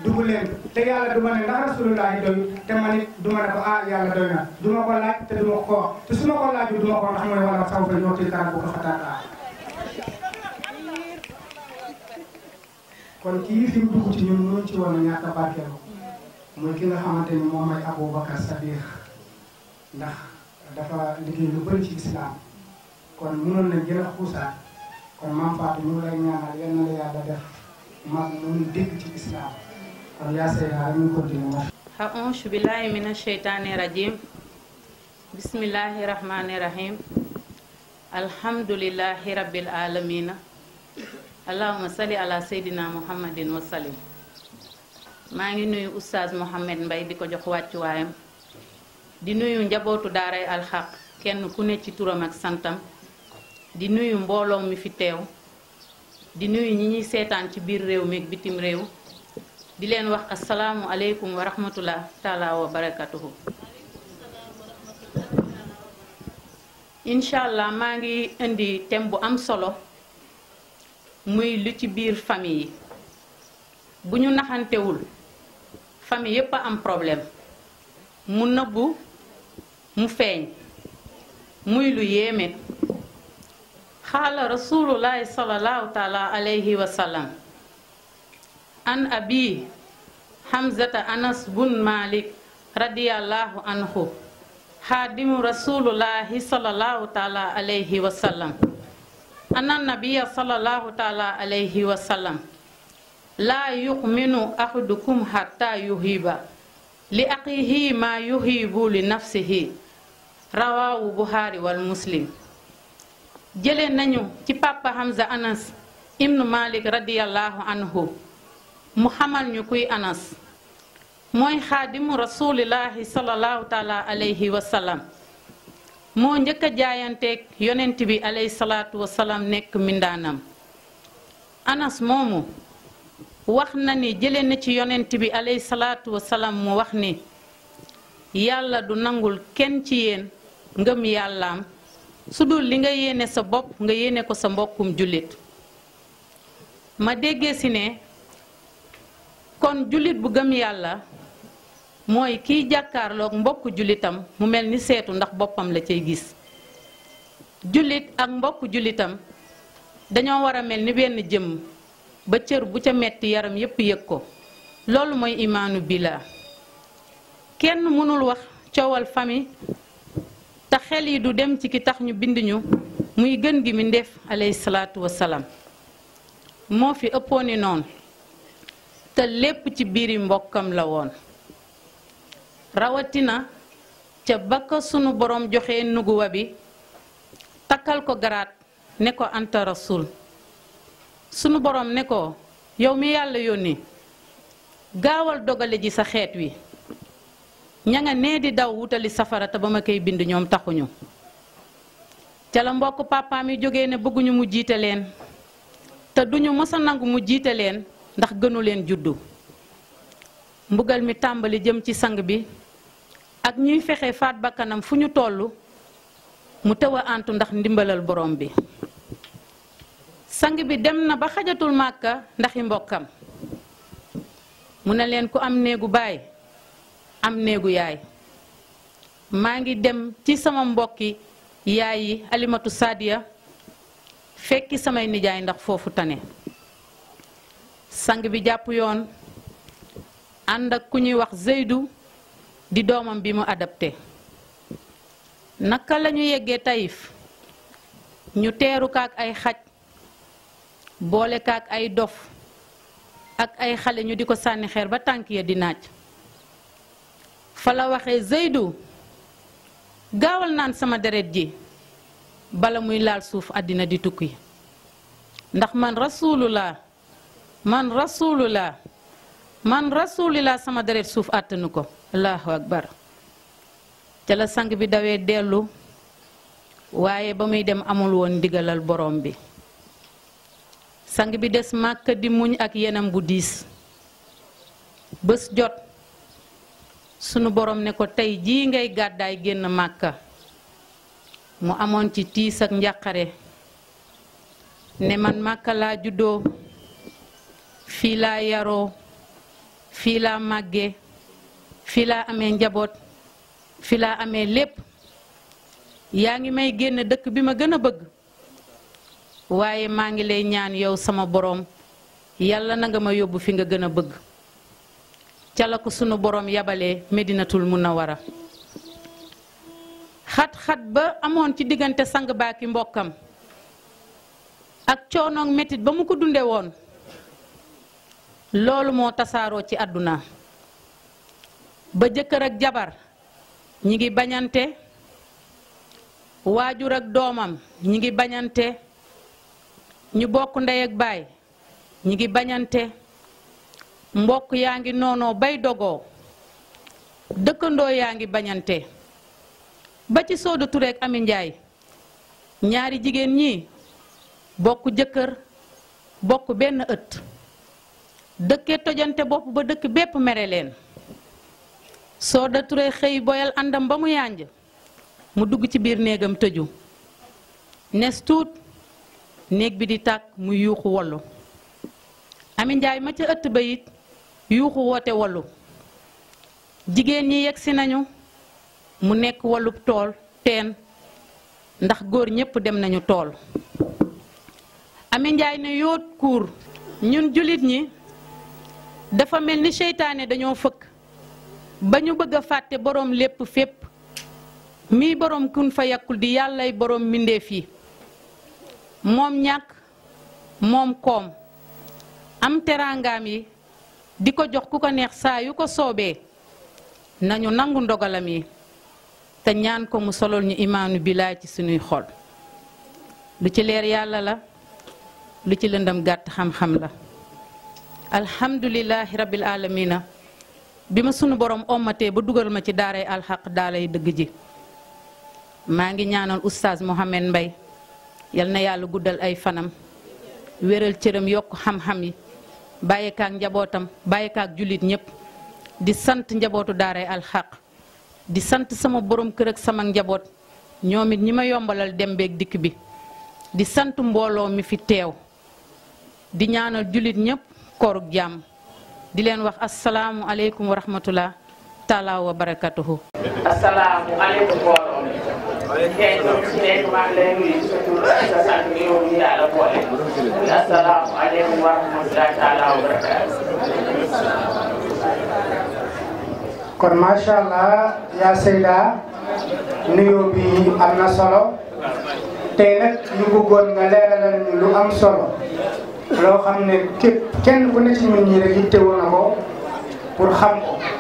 dugg te yàlla du ma ne ndax rasulullahi doy te man it du ma ne ko ah, yàlla doy na ko laaj te du ko te su ko laajul du ko ndax mu ne wala saw fa ñoo ci kanam bu ko fataataa kon kii fi mu dugg ñun mënuñ ci woon ñàkk a barkeelu muy ki nga xamante ni moom mooy Aboubacar Sadiq ndax dafa liggéey lu bëri ci lislaam kon mënoon nañ gën a xuusaat kon maam Fatou ngi lay ñaanal yal la yàlla def mag mu dégg ci lislaam kon yaa Seyda ñu continuer auzu billaahi mina sheytaani rajiim bismillaahi rahmaani rahiim alhamdulillaahi rabbil aalamiina allahumma salli ala seydina muhammadin wa maa ngi nuyu oustaz Mouhamed Mbaye di ko jox wàccuwaayam di nuyu njabootu daaray alxaq kenn ku ne ci turam ak santam di nuyu mbooloo mi fi teew di nuyu ñi ñuy seetaan ci biir réew mi ak bitim réew di leen wax asalaamu aleykum wa rahmatullah taala wa barakatuhu incha allah maa ngi indi thème bu am solo muy lu ci biir famille yi bu ñu naxantewul famille yépp a am problème mu nëbbu mu feeñ muy lu yéeme xaala rasulullahi salallahu taala alayhi wa sallam an abi hamzata anas bun malik radiyallahu anhu xaadimu rasulullahi salallahu taala alayhi wa sallam nabiya salallahu taala alayhi wa sallam laa yuxminu axadukum xatta yuhiba li aqihi ma yuhibu li nafsihi rawaawu buxaari wal muslim jële nañu ci papa Hamza anas ibnu malik radiyallahu anhu mu xamal ñu kuy anas mooy xaadimu rasulillahi sallallahu moo njëkk jaayanteek yonent bi alayhi salaatu wa salaam nekk mbindaanam anas moomu wax na ni jële na ci yonent bi alayhi salaatu wa salaam mu wax ni yàlla du nangul kenn ci yéen ngëm yàllaam su dul li nga yéene sa bopp nga yéene ko sa mbokkum jullit ma dégge si ne kon jullit bu gëm yàlla mooy kiy jàkkaarloog mbokk jullitam mu mel ni seetu ndax boppam la cay gis jullit ak mbokku jullitam dañoo war a mel ni benn jëm ba cër bu ca metti yaram yépp yëg ko loolu mooy imaanu bila te xel yi du dem ci ki tax ñu bind ñu muy gën gi mi ndef alayhi salaatu moo fi ëppooni noon te lépp ci biir biiri mbokkam la woon rawatina ca bakka sunu boroom joxe nuguwa bi takkal ko garaat ne ko anta rasul sunu borom ne ko yow mi yàlla yónni gaawal dogale ji sa xeet wi ña nga nee di daw wutali safara te ba ma koy bind ñoom taxuñu ca la mbokk papaam yi jóge ne bëgguñu mu jiite leen te duñu mës a nangu mu jiite leen ndax gënu leen juddu mbugal mi tàmbali jëm ci sang bi ak ñuy fexe faat bakkanam fu ñu tollu mu tew a antu ndax ndimbalal borom bi sang bi dem na ba xajatul màkka ndaxi mbokkam mu ne leen ku am néegu baay am néegu yaay maa ngi dem ci sama mbokki yaay yi alimatu saadiya fekki samay nijaay ndax foofu tane sang bi jàpp yoon ànd ak ku ñuy wax Zeydu di doomam bi mu adapté naka lañu yeggee Taïf ñu teeru kaak ay xaj boole kaak ay dof ak ay xale ñu di ko sànni xeer ba tànk ya di naaj fa la waxee Zeydou gaawal naan sama deret ji bala muy laal suuf àddina di tukki ndax man rasulullah man rasulullah man sama deret suuf àttanu ko allahu bar ca la sang bi dawee dellu waaye ba muy dem amul woon ndigalal borom bi sang bi des màkk di muñ ak yenam bu diis bés jot sunu borom ne ko tey jii ngay gàddaay génn màkka mu amoon ci tiis ak njàqare ne man màkka laa juddoo fii laa yaroo fii laa màggee fii laa amee njaboot fii laa amee lépp yaa ngi may génn dëkk bi ma gën a bëgg waaye maa ngi lay ñaan yow sama borom yàlla na nga ma yóbbu fi nga gën a bëgg ca la ko sunu borom yabalee medinatul munawara xat-xat ba amoon ci diggante sang baaki mbokkam ak coonoog metit ba mu ko dunde woon loolu moo tasaaroo ci àdduna ba jëkkër ak jabar ñi ngi bañante waajur ak doomam ñi ngi bañante ñu bokk ndey ak baay ñi ngi bañante mbokk yaa ngi noonoo bay dogoo dëkkandoo yaa ngi bañante ba ci Sooda Touré ak ñaari jigéen ñi bokk jëkkër bokk benn ëtt dëkkee tojante bopp ba dëkk bépp mere leen Sooda Touré xëy boyal àndam ba mu yànj mu dugg ci biir néegam tëju nes tuut néeg bi di tàkk mu yuuxu wollu Ami ma ca ëtt ba it yuuxu woote wallu jigéen ñi yegsi nañu mu nekk wallub tool teen ndax góor ñépp dem nañu tool Ami Njaay ne yoot kuur ñun jullit ñi dafa mel ni seytaane dañoo fëkk ba ñu bëgg a fàtte boroom lépp fépp mii boroom kun fa yàkkul di yàllay boroom mbindéef yi moom ñàkk moom koom am teraangaam yi di ko jox ku ko neex saa yu ko soobee nañu nangu ndogalam yi te ñaan ko mu solol ñu imaanu bilaay ci suñuy xol lu ci leer yàlla la lu ci lëndam gàtt xam-xam la alhamdulilahi rabbil alamina bi ma sunu borom ommatee ba dugal ma ci daaray alxaq daalay dëgg ji maa ngi ñaanal oustaz Mohamed Mbay yal na yàlla guddal ay fanam wéral cëram yokk xam-xam yi bàyyi njabootam bàyyi kaag jullit ñëpp di sant njabootu daaray alxaq di sant sama boroom kër ak sama njaboot ñoom it ñi ma yombalal dem beeg dikk bi di sant mbooloo mi fi teew di ñaanal jullit ñépp koorug jàmm di leen wax asalaamualeykum wa rahmatullah taalaa wa barakatuhu asalaamualeykum tey ñoom si nekk maa ngi kon macha allah yaa Seyda nuyoo bi am na solo tey nag ñu bëggoon nga leeralal ñu lu am solo loo xam ne kenn ku ne ci nit ñi rek yittewoo na pour xam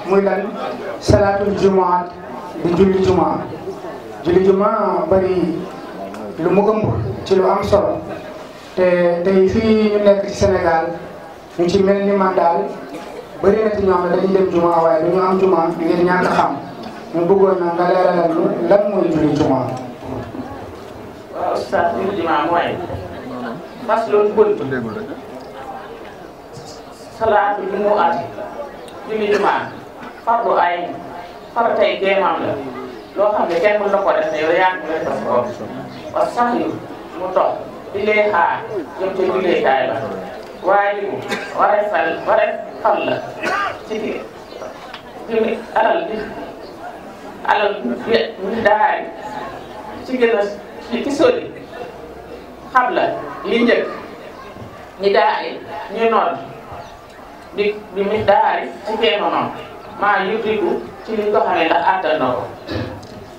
muy lan salaatul jumaa di julli jumaa. julli juma bari lu mu ëmb ci lu am solo te tey fii ñu nekk ci Sénégal ñu ci mel ni man daal bëri na ci ñoo xam ne waaye du ñu am juma ngir ñàkk xam ñu bëggoon na nga leeralal ñu lan mooy julli juma. waaw oustaz julli juma mooy fas loolu bunt salaatu jumu'at julli juma fardu ay la. loo xam ne kenn mën na def ne yow yaa ngi mën a def ko yu mu toog di lee xaar jëm ca julleekaay ba waaye li mu waree fal waree fal la ci biir jëmi alal bi alal bi bi daari ci gën a ci sori xam la li njëkk ñi daari mi daari ci keema maa yu diggu ci li nga xam ne ndax àttan na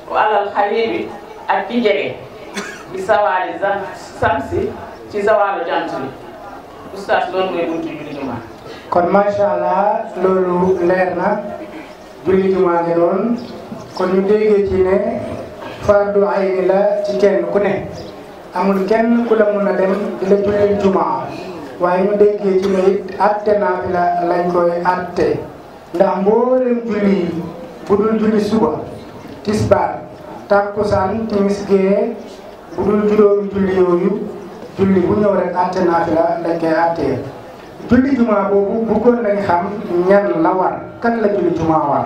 wa alal xabibi ak ki jege bi sawaali samsi ci zawaalu jant bi oustaz loolu mooy buntu julli jumaa kon macha allah loolu leer na julli jumaa ngi noonu kon ñu déggee ci ne fardu ayni la ci kenn ku ne amul kenn ku la mën a dem di la julli jumaa waaye ñu déggee ci ne it atte naa fi la lañ koy atte ndax mboolem julli bu dul julli suba tisbaar takkusaan timis géeye bu dul juróomi julli yooyu julli bu ñëw rek àtte naafila lañ koy àttee julli jumaa boobu bëggoon nañ xam ñan la war kan la julli jumaa war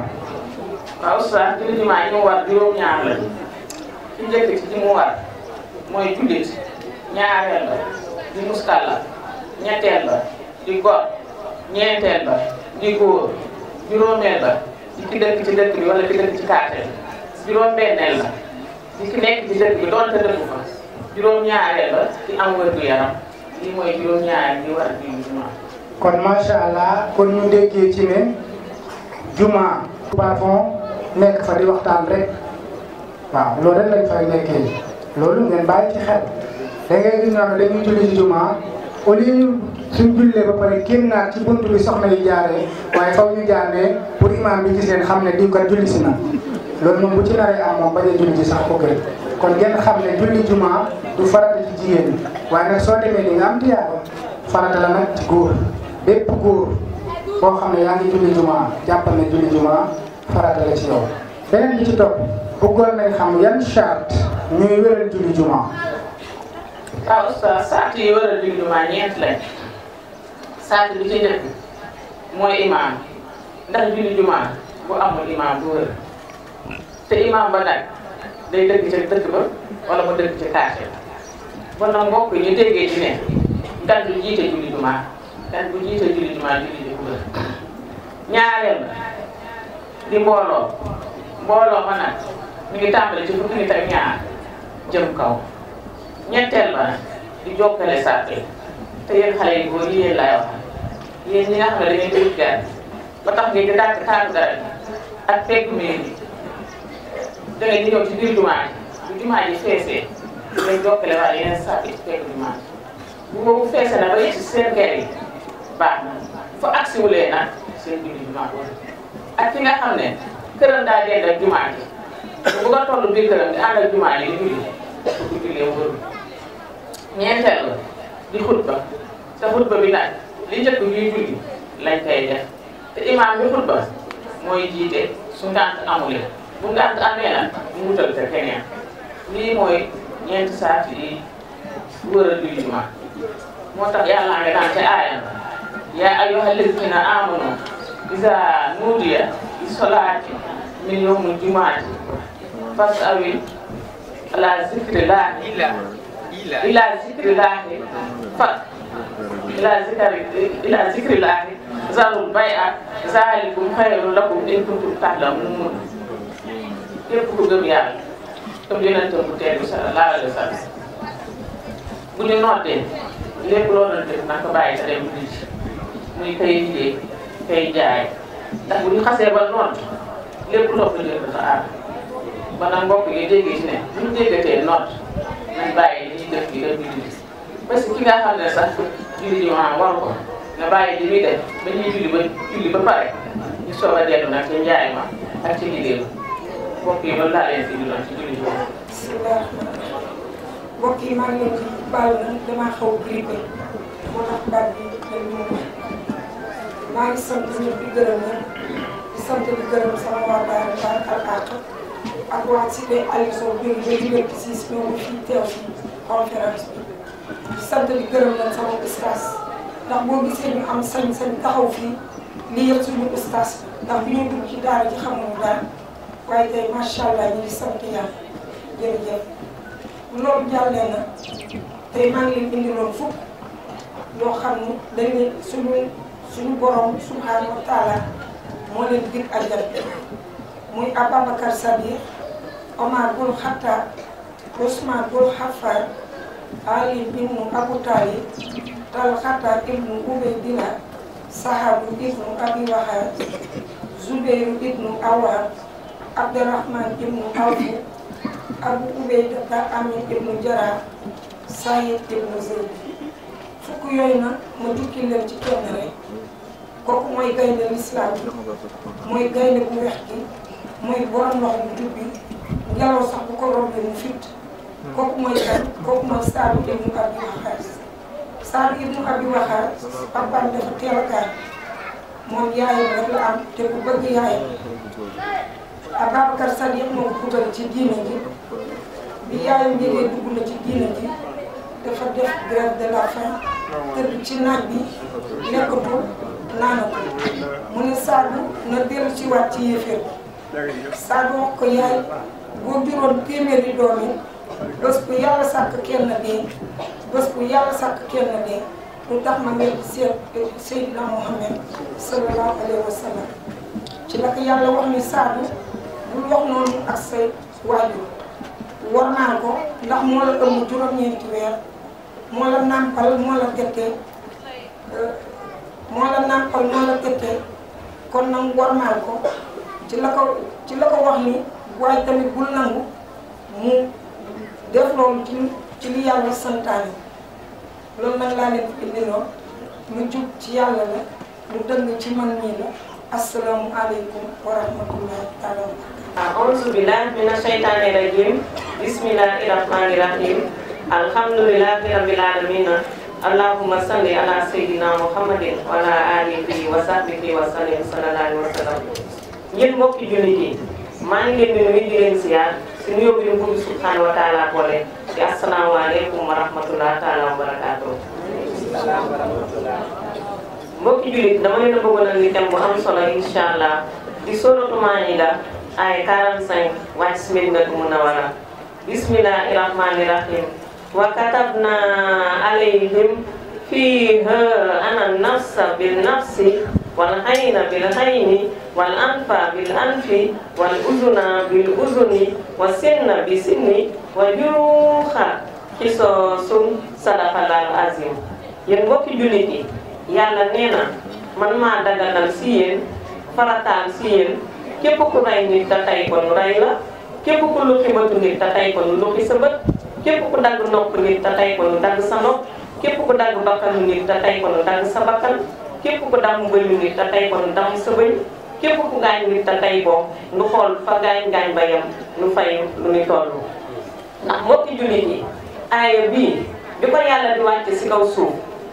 waaw oustaz julli jumaa yi war juróom-ñaar la ci njëkk ci mu war mooy jullit ñaareel ba di muskala ñetteel ba di gor ñeenteel ba di góor juróomeel ba di ki dëkk ci dëkk bi wala ki dëkk ci quartier juróom-benneel la ci ki nekk ci dëkk bi doonte dëkku fa juróom-ñaareel la ci am wér-gu-yaram lii mooy juróom-ñaareel yi war a julli juma. kon macha allah kon ñu déggee ci ne juma. plafond nekk fa di waxtaan rek waaw loolu rek lañ fay nekkee loolu ngeen bàyyi ci xel da ngay gis ne dañuy julli ci juma au lieu suñ jullee ba pare génn naa ci buntu bi soxna yi jaaree waaye faw ñu jaaree pour imam bi ci seen xam ne di ko julli si na. lool moom ci naree am moom bañ a ji sax ko kon ngeen xam ne julli juma du farata ci jigéen waaye nag soo demee ni nga am tiyaaba farata la nag ci góor bépp boo xam ne yaa ngi julli juma jàppal ne julli juma farata la ci yow. beneen ci topp bëggoon nañ xam yan charte ñuy wéral julli juma. waaw oustaz charte yi wéral julli juma ñeent lañ charte bi ci njëkk mooy imaam ndax julli juma bu amul imaam du te imaam ba nag day dëkk ca dëkk ba wala mu dëkk ca quartier ba kon nag mbokk yi ñu déggee ci ne gan du jiite julli jumaa gan bu jiite julli jumaa julli ji ku bëgg ñaareel di mbooloo mbooloo ma nag mi ngi tàmbale ci fukki nit ak ñaar jëm kaw ñetteel ba nag di jokkale sàppe te yéen xale yi góor yi yéen laay wax yéen ñi nga xam ne da ngeen koy ba tax ngeen di dàkk taaru garab ak tegu mbir mi léeg-léeg ñu ñëw ci biir jumaa ji bu jumaa ji feesee dañ jokkale wala yeneen sàpp ci fekk jumaa bu boobu feese na ba yegg si seen kër yi baax na fa agsi wulee nag seen julli jumaa boobu ak ki nga xam ne këram daa dend ak jumaa ji bu nga toll biir këram di ànd ak jumaa ji di julli bu jullee wërul ñeenteel la di xutba te xutba bi nag li njëkk ñuy julli lañ koy def te imaam bi xutba mooy jiite su ngànt amulee bu ngànt amee nag mu wutal te keneen lii mooy ñeenti saat yi wër a julli ma moo tax yàlla nga naan ca aayam yaa ayyuhal lazina aamanu izaa nuudiya li solaati min yawmil jumaati fas'awi ilaa zikrillaahi ilaa zikrillaahi fa ilaa zikri ilaa zikrillaahi zarul bay'a zaalikum xayrun lakum in kuntum ta'lamuun képp ku gëm yàlla comme yonent bu teel bi sallallahu alayhi wa sallam bu ñu nootee lépp loo doon def na ko bàyyi te dem julli ci muy kay liggéey kay jaay ndax bu ñu xasee ba noot lépp loo ko jël dafa aar ba nag mbokk yi déggee ci ne bu ñu déggatee noot nañ bàyyi li ñuy def bi dem julli parce que ki nga xam ne sax julli ji maanaam waru ko nga bàyyi li muy def ba ñuy julli ba julli ba pare ñu soog a dellu nag ci njaay ma ak ci liggéey mbokk yi loolu laa leen fi dugal ci maa xaw a grippé moo tax baal bi dañ ñu maa ngi sant ñëpp di gërëm la di sant di gërëm sama waa baal baal ak ak waa Cité Aliou Sow bi nga jëlee ci siis ñoo ngi fi teew ci conférence bi di sant di gërëm la sama ustaas ndax boo gisee ñu am sañ-sañ taxaw fii lii yëpp suñu ustaas ndax bu ñu dugg ci daara ji xamuñu daal. waaye tey macha allah ñu ngi sant yàlla jërëjëf loolu jàllee na tey maa ngi leen indiloon yoo xam ne dañ ne suñu suñu borom subhaanahu wa taala moo leen dig ajal muy Ababacar Sabir Omar bul Xattaab Ousmane bul Xaffar Ali ibnu Abu Talib Talxata ibnu Ubaydillah Sahabu ibnu Abi Waqaas Zubeyru ibnu Awaan Abdurahman ibnu Awf Abu Ubayda Amir ibnu Jarrah Saïd ibnu Zayd fukk yooyu nag ma jukki leen ci kenn rek mooy gaynde lislaam mooy gaynde bu weex mooy borom loxo bu tubbi ngelaw sax bu ko mu fit kooku mooy kan kooku mooy Saad ibnu Abi Waqaas ibnu Abi Waqaas papaam dafa teel a kaar la am te ku bëgg Ababacar Sadiq moom puutal ci diina ji bi yaayam njëgee dugg na ci diina ji dafa def grève de la faim tëdd ci naaj bi lekkatu naanatu mu ne Saadu na dellu ci waat ci yéeféer bi Saadu wax ko yaay boo juróon téeméeri doomi bés bu yàlla sàkk kenn dee bés bu yàlla sàkk kenn dee lu tax ma mel seet Seydina Muhammad sallallahu alayhi wa sallam ci la ko yàlla wax ni Saadu bul wax noonu ak say waajur war naa ko ndax moo la ëmb juróom-ñeenti weer moo la nàmpal moo la gëttee eh, moo la nàmpal moo la gëttee kon nag war naa ko ci la ko ci la ko wax ni waaye tamit bul nangu mu def loolu ci ci li yàlla santaane loolu nag laa leen fi indiloon lu jub ci yàlla la lu dëng ci man mii la assalaamu aleykum wa rahmatullahi taala أعوذ بالله من الشيطان الرجيم بسم الله الرحمن الرحيم الحمد لله رب العالمين اللهم صل على سيدنا محمد وعلى آله وصحبه وسلم صلى الله عليه وسلم ñeen mbokki jullit yi maa ngi leen di nuyu si nuyoo bi buur bi subhanahu wa taala boole di asalaamu aleykum wa rahmatullah taala barakaatu mbokki jullit dama leen bëggoon a ni thème bu am solo incha allah di solo tumaani la ay 45 wàcc si Madinatu Munawwara bismillahi rahmani rahim wa katabna alayhim fiha ana nafsa bil nafsi wal ayna bil ayni wal anfa bil anfi wal uzuna bil uzuni wa sinna bi sinni wa juruxa xisoosum sadaqallaahu azim yéen mbokki jullit yàlla nee man maa daganal si yéen farataal si képp ku rey nit te tey ko nu rey la képp ku luxi bëtu nit te tey ko nu luxi sa bët képp ku dagg nopp nit te tey ko nu dagg sa nopp képp ku dagg bakkanu nit te tey ko nu dagg sa bakkan képp ku damm bëñu nit te tey ko nu damm sa bëñ képp ku gaañ nit te tey boo nu xool fa gaañ-gaañ ba yem nu fay lu nu toll ndax mbokki jullit yi aaya bii bi ko yàlla di wàcce si kaw suuf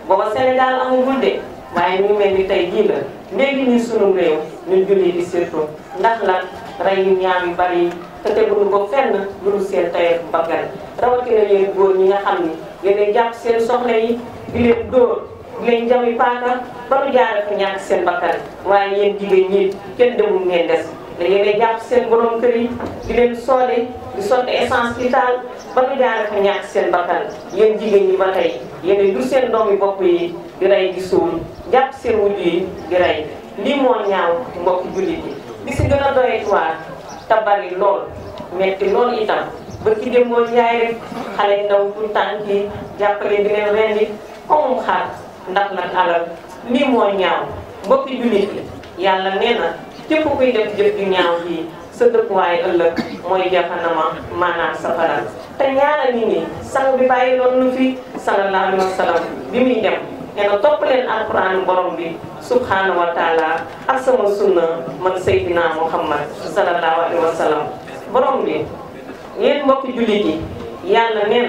booba Sénégal amagul de waaye ñu mel ni tey jii la léegi nii sunum réew ñun julli di surtout ndax lan rey yu ñaaw bari yi te teguñu ko fenn lu dul seen tayeeku bakkan rawatina yéen góor ñi nga xam ni yéenay jàpp seen soxna yi di leen dóor di leen jami paaka ba nu jaare ñàkk seen bakkan waaye yéen jigéen ñi kenn demul ngeen des nga yéene jàpp seen borom kër yi di leen soole di sotti essence vitale ba ñu jaare fa seen bakkan yéen jigéen ñi ba tey yéene du seen doom yi bopp yi di rey di suul jàpp seen wujj yi di rey lii moo ñaaw mbokk jullit yi li si gën a doyatuwaat te bari lool metti lool itam ba ci démboo njaay rek xale ndaw pour tànk yi jàppale di leen rendi xomum xaar ndax nag alal lii moo ñaaw mbokki jullit yi yàlla nee képp kuy def jëf ju ñaaw yi sa dëkkuwaay ëllëg mooy jafanama maanaam safara te ñaanal ñi ni bi bàyyi loon nu fi sallallahu alayhi bi muy dem nee na topp leen alquran borom bi subhanahu wa taala ak sama sunna man Seydina Muhammad sallallahu alayhi wa borom bi yéen mbokk jullit yi yàlla nee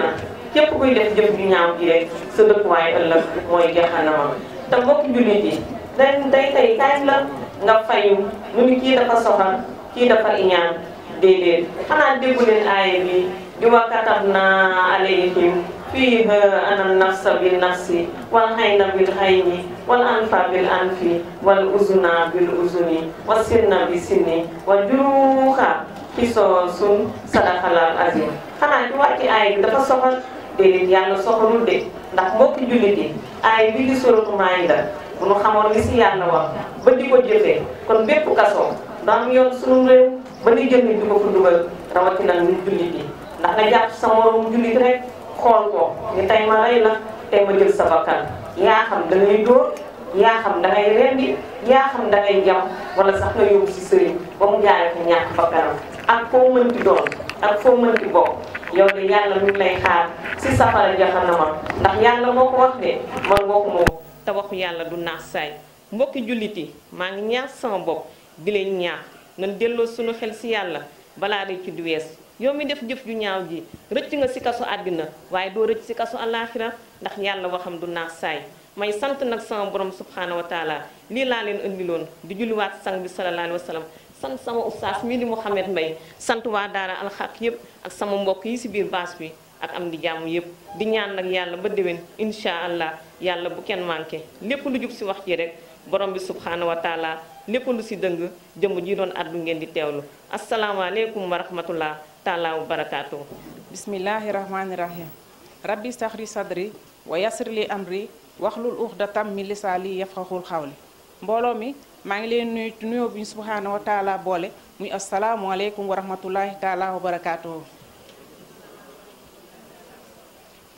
képp kuy def jëf ju ñaaw ji rek sa dëkkuwaay ëllëg mooy jafanama te mbokk jullit yi day day tey kañ la nga fayu mu ni kii dafa soxal kii dafa iñaan déedéet xanaa déggu leen aaya bi di wa katabnaa alayhim fiiha ana nafsa bi nafsi wal xayna bil xayni wal anfa bil anfi wal uzuna bil uzuni wa sinna bi sinni wa juruuxa xisoosun sadaqalal azim xanaa di wàcc aaya bi dafa soxal déedéet yàlla soxalul de ndax mbokki jullit yi aaya bi di suratul Maayda bu nu xamoon li si yàlla wax ba di ko jëfee kon bépp kaso daan yoon sunu réew ba ni jënd di ko fa dugal rawatina ñu jullit yi ndax nga jàpp sa morom jullit rek xool ko ni tey ma rey la tey ma jël sa bakkan yaa xam da ngay dóor yaa xam da ngay rendi yaa xam da ngay jam wala sax nga yóbbu si sëriñ ba mu jaaree ko ñàkk bakkanam ak foo mënti doon ak foo mënti bokk yow de yàlla mi lay xaar si safara jaxanama ndax yàlla moo wax ne man boo ko te waxu yàlla du naax saay mbokki jullit yi maa ngi ñaax sama bopp di leen ñaax nan delloo sunu xel si yàlla balaa rëcc du wees yow mi def jëf ju ñaaw ji rëcc nga si kasu àddina waaye doo rëcc si kasu àllaaxira ndax yàlla waxam du naax saay may sant nag sama borom subhaana wa taala lii laa leen indiloon di julliwaat sang bi salallaahu alayhi sant sama ustaas mii di Mouhamed Mbaye sant waa daara alxaq yépp ak sama mbokk yi si biir baas bi ak am di jàmm yëpp di ñaan nag yàlla ba déwén incha allah yàlla bu kenn manqué lépp lu jub si wax ji rek borom bi subhaana wa taala lépp lu si dëng jëmm ji doon addu ngeen di teewlu asalaamaaleykum wa rahmatullah taala wa barakaatu. bismillahi rahmaani rahim rabbi saxri sadri wa yasri li amri waxlul uxdatam li lisaani yafqahul xawli mbooloo mi maa ngi leen nuyu nuyoo bi subhaana wa taala boole muy asalaamualeykum wa rahmatullahi taala wa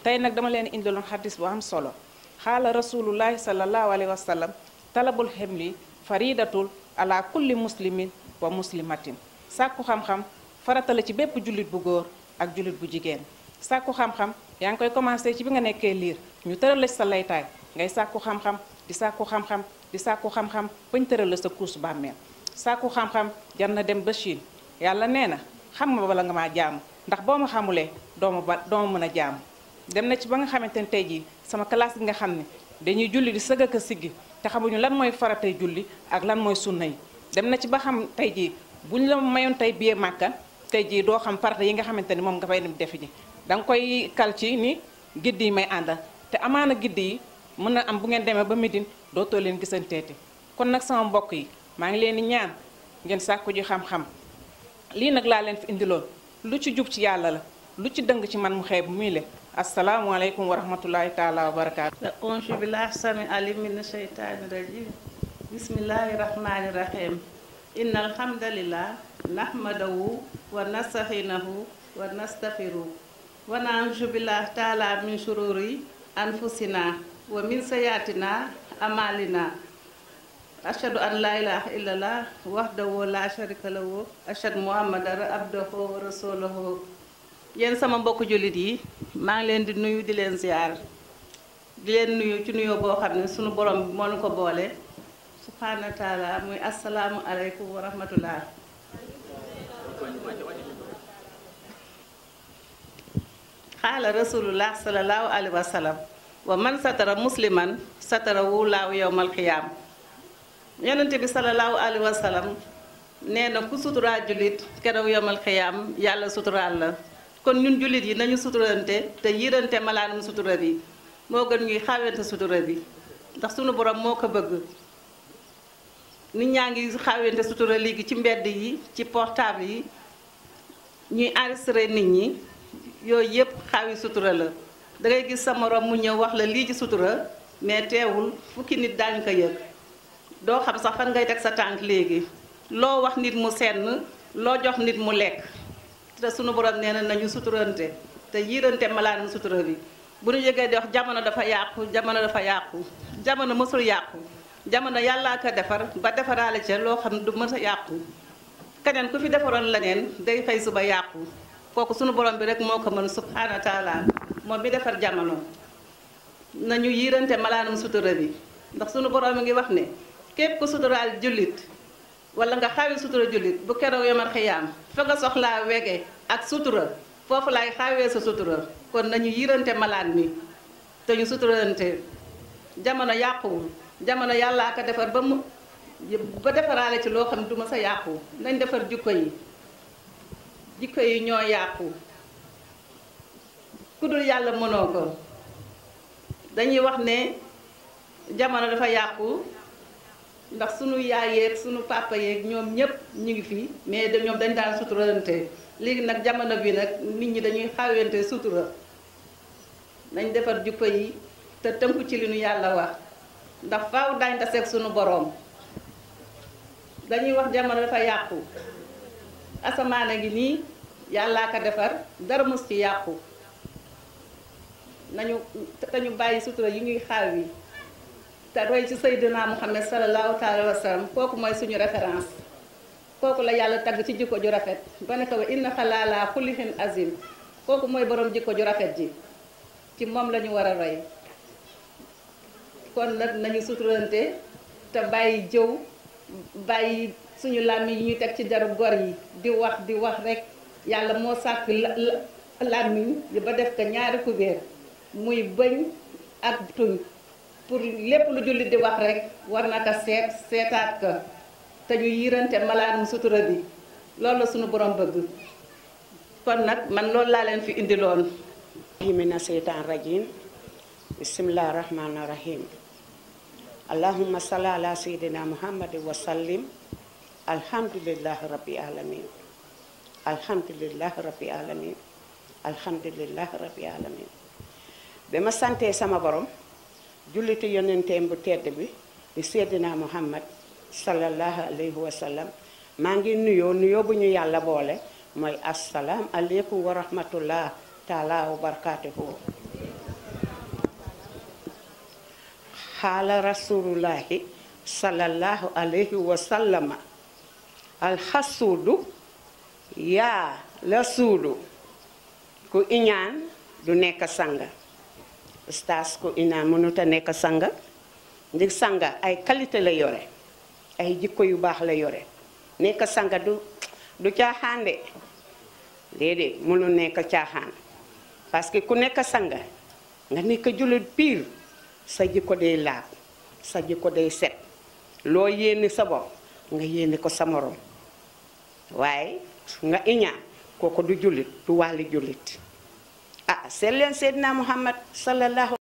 tey nag dama leen indiloon xadis bu am solo xaala rasulullahi salallahu alayhi wa sallam talabul xemli faridatul ala kulli muslimin wa muslimatin sàkku xam-xam faratale ci bépp jullit bu góor ak jullit bu jigéen sàkku xam-xam yaa ngi koy commencé ci bi nga nekkee liir ñu tëral la sa laytaay ngay sàkku xam-xam di sàkku xam-xam di sàkku xam-xam bañ tëral sa kuus bàmmeel sàkku xam-xam jar na dem ba Chine yàlla nee na xam ma bala nga maa jaamu ndax boo ma xamulee doo ba doo mën a jaamu dem na ci ba nga xamante ne tey jii sama classe bi nga xam ne dañuy julli di sëgg ak a siggi te xamuñu lan mooy farate julli ak lan mooy sunna yi dem na ci ba xam tey jii buñ la mayoon tey biir màkka tey jii doo xam farata yi nga xamante ni moom nga fay dem defi ji da nga koy kal ci ni giddi yi may àndal te amaana giddi yi mën na am bu ngeen demee ba Médine dootoo leen gisanteeti kon nag sama mbokk yi maa ngi leen di ñaan ngeen sàkku ji xam-xam lii nag laa leen fi indiloon lu ci jub ci yàlla la lu ci dëng ci man mu xeeb muy السلام عليكم ورحمة الله تعالى وبركاته أعوذ بالله السميع العليم من الشيطان الرجيم بسم الله الرحمن الرحيم إن الحمد لله نحمده ونستعينه ونستغفره ونعوذ بالله تعالى من شرور أنفسنا ومن سيئاتنا أعمالنا أشهد أن لا إله إلا الله وحده لا شريك له أشهد محمدا عبده ورسوله yéen sama mbokk jullit yi maa ngi leen di nuyu di leen ziar di leen nuyu ci nuyoo boo xam ne sunu borom moo ñu ko boole subhaana taala muy asalaamu aleykum wa rahmatullah xaala rasulullah salallahu man satara musliman satara wu laaw yowmal qiyaam yonente bi salallahu alayhi wa nee na ku suturaal jullit keroog yowmal qiyaam yàlla suturaal la kon ñun jullit yi nañu suturante te yirante malaanum sutura bi moo gën ñuy xawente sutura bi ndax suñu borom moo ko bëgg nit ñaa ngi xawente sutura léegi ci mbedd yi ci portable yi ñuy enregistré nit ñi yooyu yëpp xawi sutura la da ngay gis sa moroom mu ñëw wax la lii ci sutura mais teewul fukki nit daañu ko yëg doo xam sax fan ngay teg sa tànk léegi loo wax nit mu senn loo jox nit mu lekk te sunu borom nee na nañu suturante te yiirante malaanam sutura bi bu ñu jegee di wax jamono dafa yàqu jamono dafa yàqu jamono mësul yàqu jamono yàllaa ko defar ba defaraale ca loo xam ne du mën a yàqu keneen ku fi defaroon leneen day xëy suba yàqu kooku sunu borom bi rek moo ko mën subhaana taala moom mi defar jamono nañu yiirante malaanum sutura bi ndax sunu borom mi ngi wax ne képp ku suturaal jullit wala nga xaawi sutura jullit bu keroog yomal xiyaam fa nga soxlaa wege ak sutura foofu lay xaawee sa sutura kon nañu yiirante malaan mi te ñu suturante jamono yàquwul jamono yàllaa ko defar ba mu ci loo xam ne du sa yàqu nañ defar jikko yi jikko yi ñoo yàqu ku dul yàlla mënoo ko dañuy wax ne jamono dafa yàqu ndax sunu yaay yeeg sunu papa yeeg ñoom ñëpp ñu ngi fii mais da ñoom dañ daan suturalante léegi nag jamono bi nag nit ñi dañuy xawente sutura nañ defar jukko yi te tënku ci li nu yàlla wax ndax faaw daañ taseeg sunu boroom dañuy wax jamono dafa yàqu asamaana gi nii yàllaa ko defar dara mus ci yàqu nañu te ñu bàyyi sutura yi ñuy xaaw yi te roy ci sayyidina Muhammad sallallahu taala wa sallam kooku mooy suñu référence kooku la yàlla tagg ci jikko ju rafet ba ne ko wa inna xalaala xulixin azim kooku mooy borom jikko ju rafet ji ci moom lañu ñu war a roy kon nag nañu suturante te bàyyi jëw bàyyi suñu làmmiñ yi ñu teg ci jaru gor yi di wax di wax rek yàlla moo sàkk làmmiñ ba def ko ñaari kubéer muy bëñ ak tuñ pour lépp lu jullit di wax rekk war na ko seet seetaat ko te ñu yirante malaanum sutura bi loolu la suñu borom bëgg kon nag man loolu laa leen fi indi loon mina seytaan rajim bisimilah rahmaani rahim allahumma salli ala sayyidina muhammadin wa sallim alhamdulillahi rabbi alamin alhamdulillahi rabbi alamin alhamdulillahi rabbi alamin ba ma santee sama boroom julliti yonenteem bu tedd bi di seddina muhammad sallallahu alayhi wa maa ngi nuyoo nuyoo bu ñu yàlla boole mooy assalaam aleykum wa rahmatullah taala wa barakaatuhu xaala rasulullahi sallallahu alayhi wa alxasuudu yaa la ku iñaan du nekk sanga stage ko ina mënut a nekk sanga ndig sanga ay qualité la yore ay jikko yu baax la yore nekk sanga du du caaxaan de déedéet mënu nekk caaxaan parce que ku nekk sanga nga nekk jullit pire sa jikko day laab sa jikko day set loo yéen sa bopp nga yéene ko sa morom waaye nga iñaan kooku du jullit du wàlli jullit ah seet leen Seydina Muhammad sallallahu